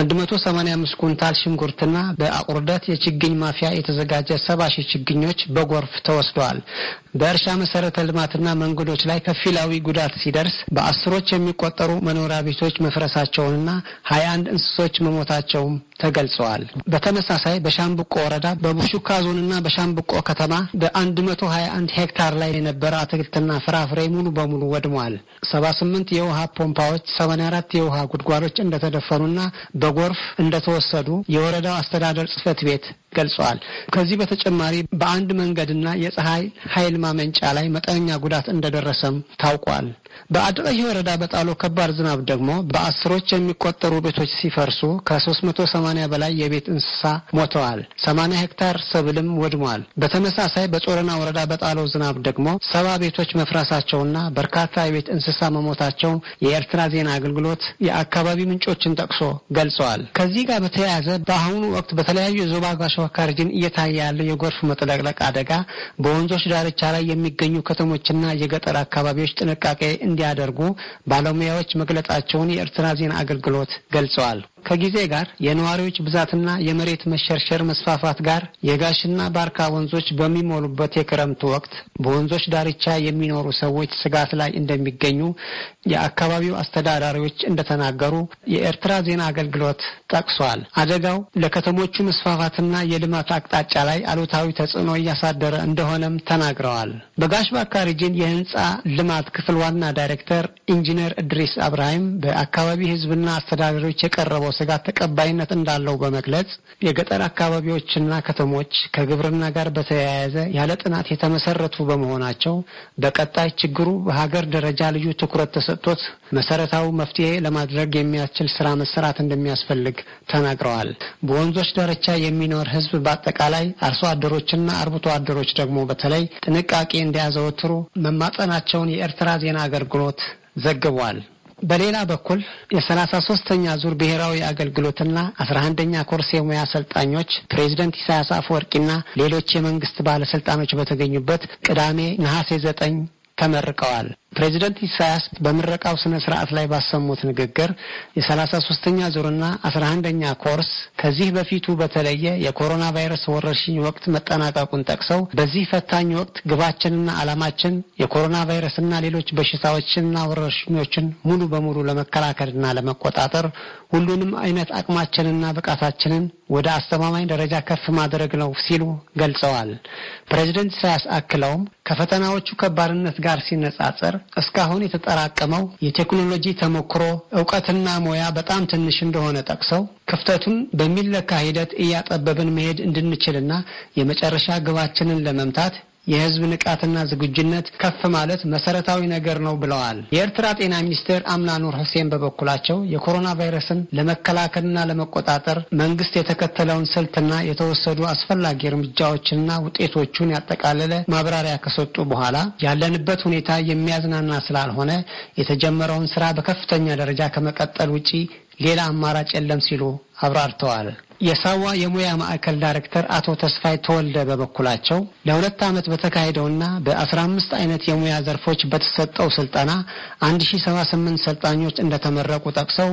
185 ኩንታል ሽንኩርትና በአቁርደት የችግኝ ማፍያ የተዘጋጀ 70 ሺህ ችግኞች በጎርፍ ተወስደዋል። በእርሻ መሰረተ ልማትና መንገዶች ላይ ከፊላዊ ጉዳት ሲደርስ በአስሮች የሚቆጠሩ መኖሪያ ቤቶች መፍረሳቸውንና ሀያ አንድ እንስሶች መሞታቸውም ተገልጸዋል። በተመሳሳይ በሻ በሻምብቆ ወረዳ በቡሹካ ዞንና በሻምብቆ ከተማ በ121 ሄክታር ላይ የነበረ አትክልትና ፍራፍሬ ሙሉ በሙሉ ወድሟል ሰባ 78 የውሃ ፖምፓዎች፣ አራት የውሃ ጉድጓዶች እንደተደፈኑና በጎርፍ እንደተወሰዱ የወረዳው አስተዳደር ጽህፈት ቤት ገልጸዋል። ከዚህ በተጨማሪ በአንድ መንገድና የፀሐይ ኃይል ማመንጫ ላይ መጠነኛ ጉዳት እንደደረሰም ታውቋል። በአድራጊ ወረዳ በጣሎ ከባድ ዝናብ ደግሞ በአስሮች የሚቆጠሩ ቤቶች ሲፈርሱ ከ380 በላይ የቤት እንስሳ ሞተዋል። 80 ሄክታር ሰብልም ወድሟል። በተመሳሳይ በጾረና ወረዳ በጣሎ ዝናብ ደግሞ ሰባ ቤቶች መፍራሳቸውና በርካታ የቤት እንስሳ መሞታቸው የኤርትራ ዜና አገልግሎት የአካባቢ ምንጮችን ጠቅሶ ገልጸዋል። ከዚህ ጋር በተያያዘ በአሁኑ ወቅት በተለያዩ የዞባጓሾ አካርጅን እየታየ ያለው የጎርፍ መጥለቅለቅ አደጋ በወንዞች ዳርቻ ላይ የሚገኙ ከተሞችና የገጠር አካባቢዎች ጥንቃቄ እንዲያደርጉ ባለሙያዎች መግለጻቸውን የኤርትራ ዜና አገልግሎት ገልጸዋል። ከጊዜ ጋር የነዋሪዎች ብዛትና የመሬት መሸርሸር መስፋፋት ጋር የጋሽና ባርካ ወንዞች በሚሞሉበት የክረምት ወቅት በወንዞች ዳርቻ የሚኖሩ ሰዎች ስጋት ላይ እንደሚገኙ የአካባቢው አስተዳዳሪዎች እንደተናገሩ የኤርትራ ዜና አገልግሎት ጠቅሷል። አደጋው ለከተሞቹ መስፋፋትና የልማት አቅጣጫ ላይ አሉታዊ ተጽዕኖ እያሳደረ እንደሆነም ተናግረዋል። በጋሽ ባርካ ሪጅን የህንፃ ልማት ክፍል ዋና ዳይሬክተር ኢንጂነር እድሪስ አብርሃም በአካባቢ ህዝብና አስተዳዳሪዎች የቀረበው ስጋት ተቀባይነት እንዳለው በመግለጽ የገጠር አካባቢዎችና ከተሞች ከግብርና ጋር በተያያዘ ያለ ጥናት የተመሰረቱ በመሆናቸው በቀጣይ ችግሩ በሀገር ደረጃ ልዩ ትኩረት ተሰጥቶት መሰረታዊ መፍትሄ ለማድረግ የሚያስችል ስራ መሰራት እንደሚያስፈልግ ተናግረዋል። በወንዞች ዳርቻ የሚኖር ህዝብ በአጠቃላይ አርሶ አደሮችና አርብቶ አደሮች ደግሞ በተለይ ጥንቃቄ እንዲያዘወትሩ መማጸናቸውን የኤርትራ ዜና አገልግሎት ዘግቧል። በሌላ በኩል የሰላሳ ሶስተኛ ዙር ብሔራዊ አገልግሎትና አስራ አንደኛ ኮርስ የሙያ አሰልጣኞች ፕሬዚደንት ኢሳያስ አፈወርቂና ሌሎች የመንግስት ባለስልጣኖች በተገኙበት ቅዳሜ ነሐሴ ዘጠኝ ተመርቀዋል። ፕሬዚደንት ኢሳያስ በምረቃው ስነ ስርዓት ላይ ባሰሙት ንግግር የሰላሳ ሶስተኛ ዙርና አስራ አንደኛ ኮርስ ከዚህ በፊቱ በተለየ የኮሮና ቫይረስ ወረርሽኝ ወቅት መጠናቀቁን ጠቅሰው በዚህ ፈታኝ ወቅት ግባችንና ዓላማችን የኮሮና ቫይረስና ሌሎች በሽታዎችንና ወረርሽኞችን ሙሉ በሙሉ ለመከላከልና ለመቆጣጠር ሁሉንም አይነት አቅማችንና ብቃታችንን ወደ አስተማማኝ ደረጃ ከፍ ማድረግ ነው ሲሉ ገልጸዋል። ፕሬዚደንት ኢሳያስ አክለውም ከፈተናዎቹ ከባድነት ጋር ሲነጻጸር እስካሁን የተጠራቀመው የቴክኖሎጂ ተሞክሮ እውቀትና ሙያ በጣም ትንሽ እንደሆነ ጠቅሰው ክፍተቱን በሚለካ ሂደት እያጠበብን መሄድ እንድንችልና የመጨረሻ ግባችንን ለመምታት የህዝብ ንቃትና ዝግጁነት ከፍ ማለት መሰረታዊ ነገር ነው ብለዋል። የኤርትራ ጤና ሚኒስቴር አምና ኑር ሁሴን በበኩላቸው የኮሮና ቫይረስን ለመከላከልና ለመቆጣጠር መንግስት የተከተለውን ስልትና የተወሰዱ አስፈላጊ እርምጃዎችንና ውጤቶቹን ያጠቃለለ ማብራሪያ ከሰጡ በኋላ ያለንበት ሁኔታ የሚያዝናና ስላልሆነ የተጀመረውን ስራ በከፍተኛ ደረጃ ከመቀጠል ውጪ ሌላ አማራጭ የለም ሲሉ አብራርተዋል። የሳዋ የሙያ ማዕከል ዳይሬክተር አቶ ተስፋይ ተወልደ በበኩላቸው ለሁለት ዓመት በተካሄደውና በአስራ አምስት አይነት የሙያ ዘርፎች በተሰጠው ስልጠና አንድ ሺ ሰባ ስምንት ሰልጣኞች እንደተመረቁ ጠቅሰው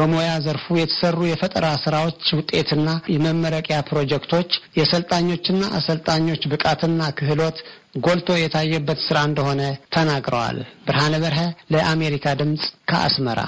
በሙያ ዘርፉ የተሰሩ የፈጠራ ስራዎች ውጤትና የመመረቂያ ፕሮጀክቶች የሰልጣኞችና አሰልጣኞች ብቃትና ክህሎት ጎልቶ የታየበት ስራ እንደሆነ ተናግረዋል። ብርሃነ በርሀ ለአሜሪካ ድምፅ ከአስመራ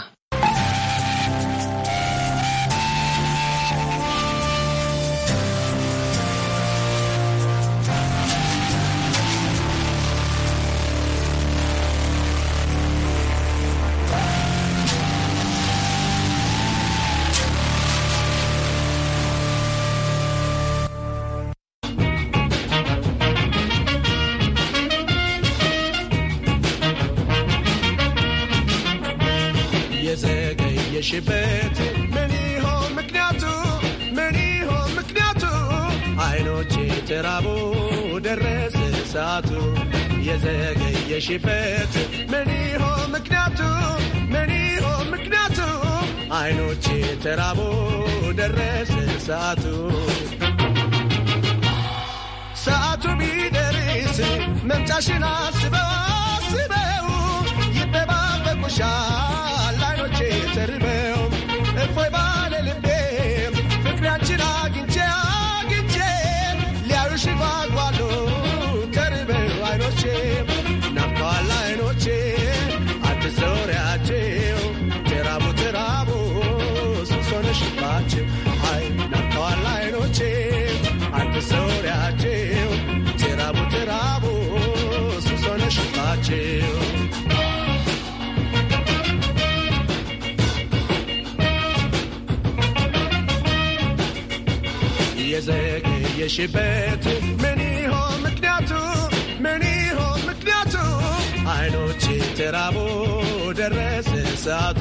ደረሰ ሰዓቱ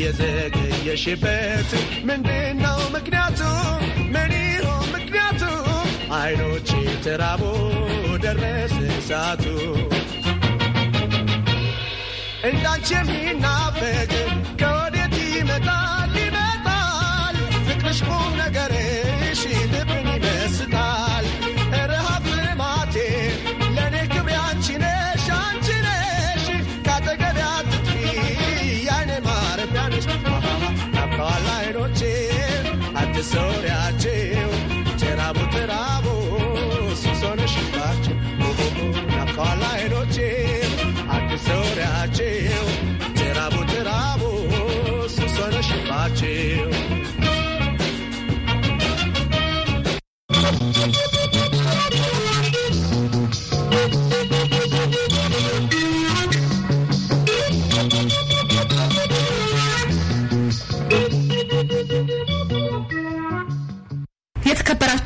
የዘገየሽበት ምንድነው ምክንያቱ? ምን ይሆን ምክንያቱ? አይኖች ተራቦ ደረሰ ሰዓቱ እንዳንቺ የሚናፈቅ ከወዴት ይመጣል ይመጣል ፍቅርሽ ቁም ነገርሽ Minnesota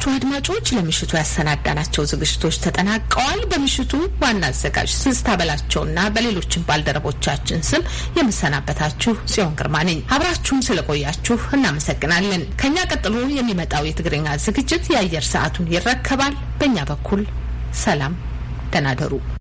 የተከበራችሁ አድማጮች ለምሽቱ ያሰናዳናቸው ዝግጅቶች ተጠናቀዋል። በምሽቱ ዋና አዘጋጅ ስስታ በላቸውና በሌሎችን ባልደረቦቻችን ስም የምሰናበታችሁ ጽዮን ግርማ ነኝ። አብራችሁን ስለቆያችሁ እናመሰግናለን። ከእኛ ቀጥሎ የሚመጣው የትግርኛ ዝግጅት የአየር ሰዓቱን ይረከባል። በእኛ በኩል ሰላም፣ ደህና ደሩ።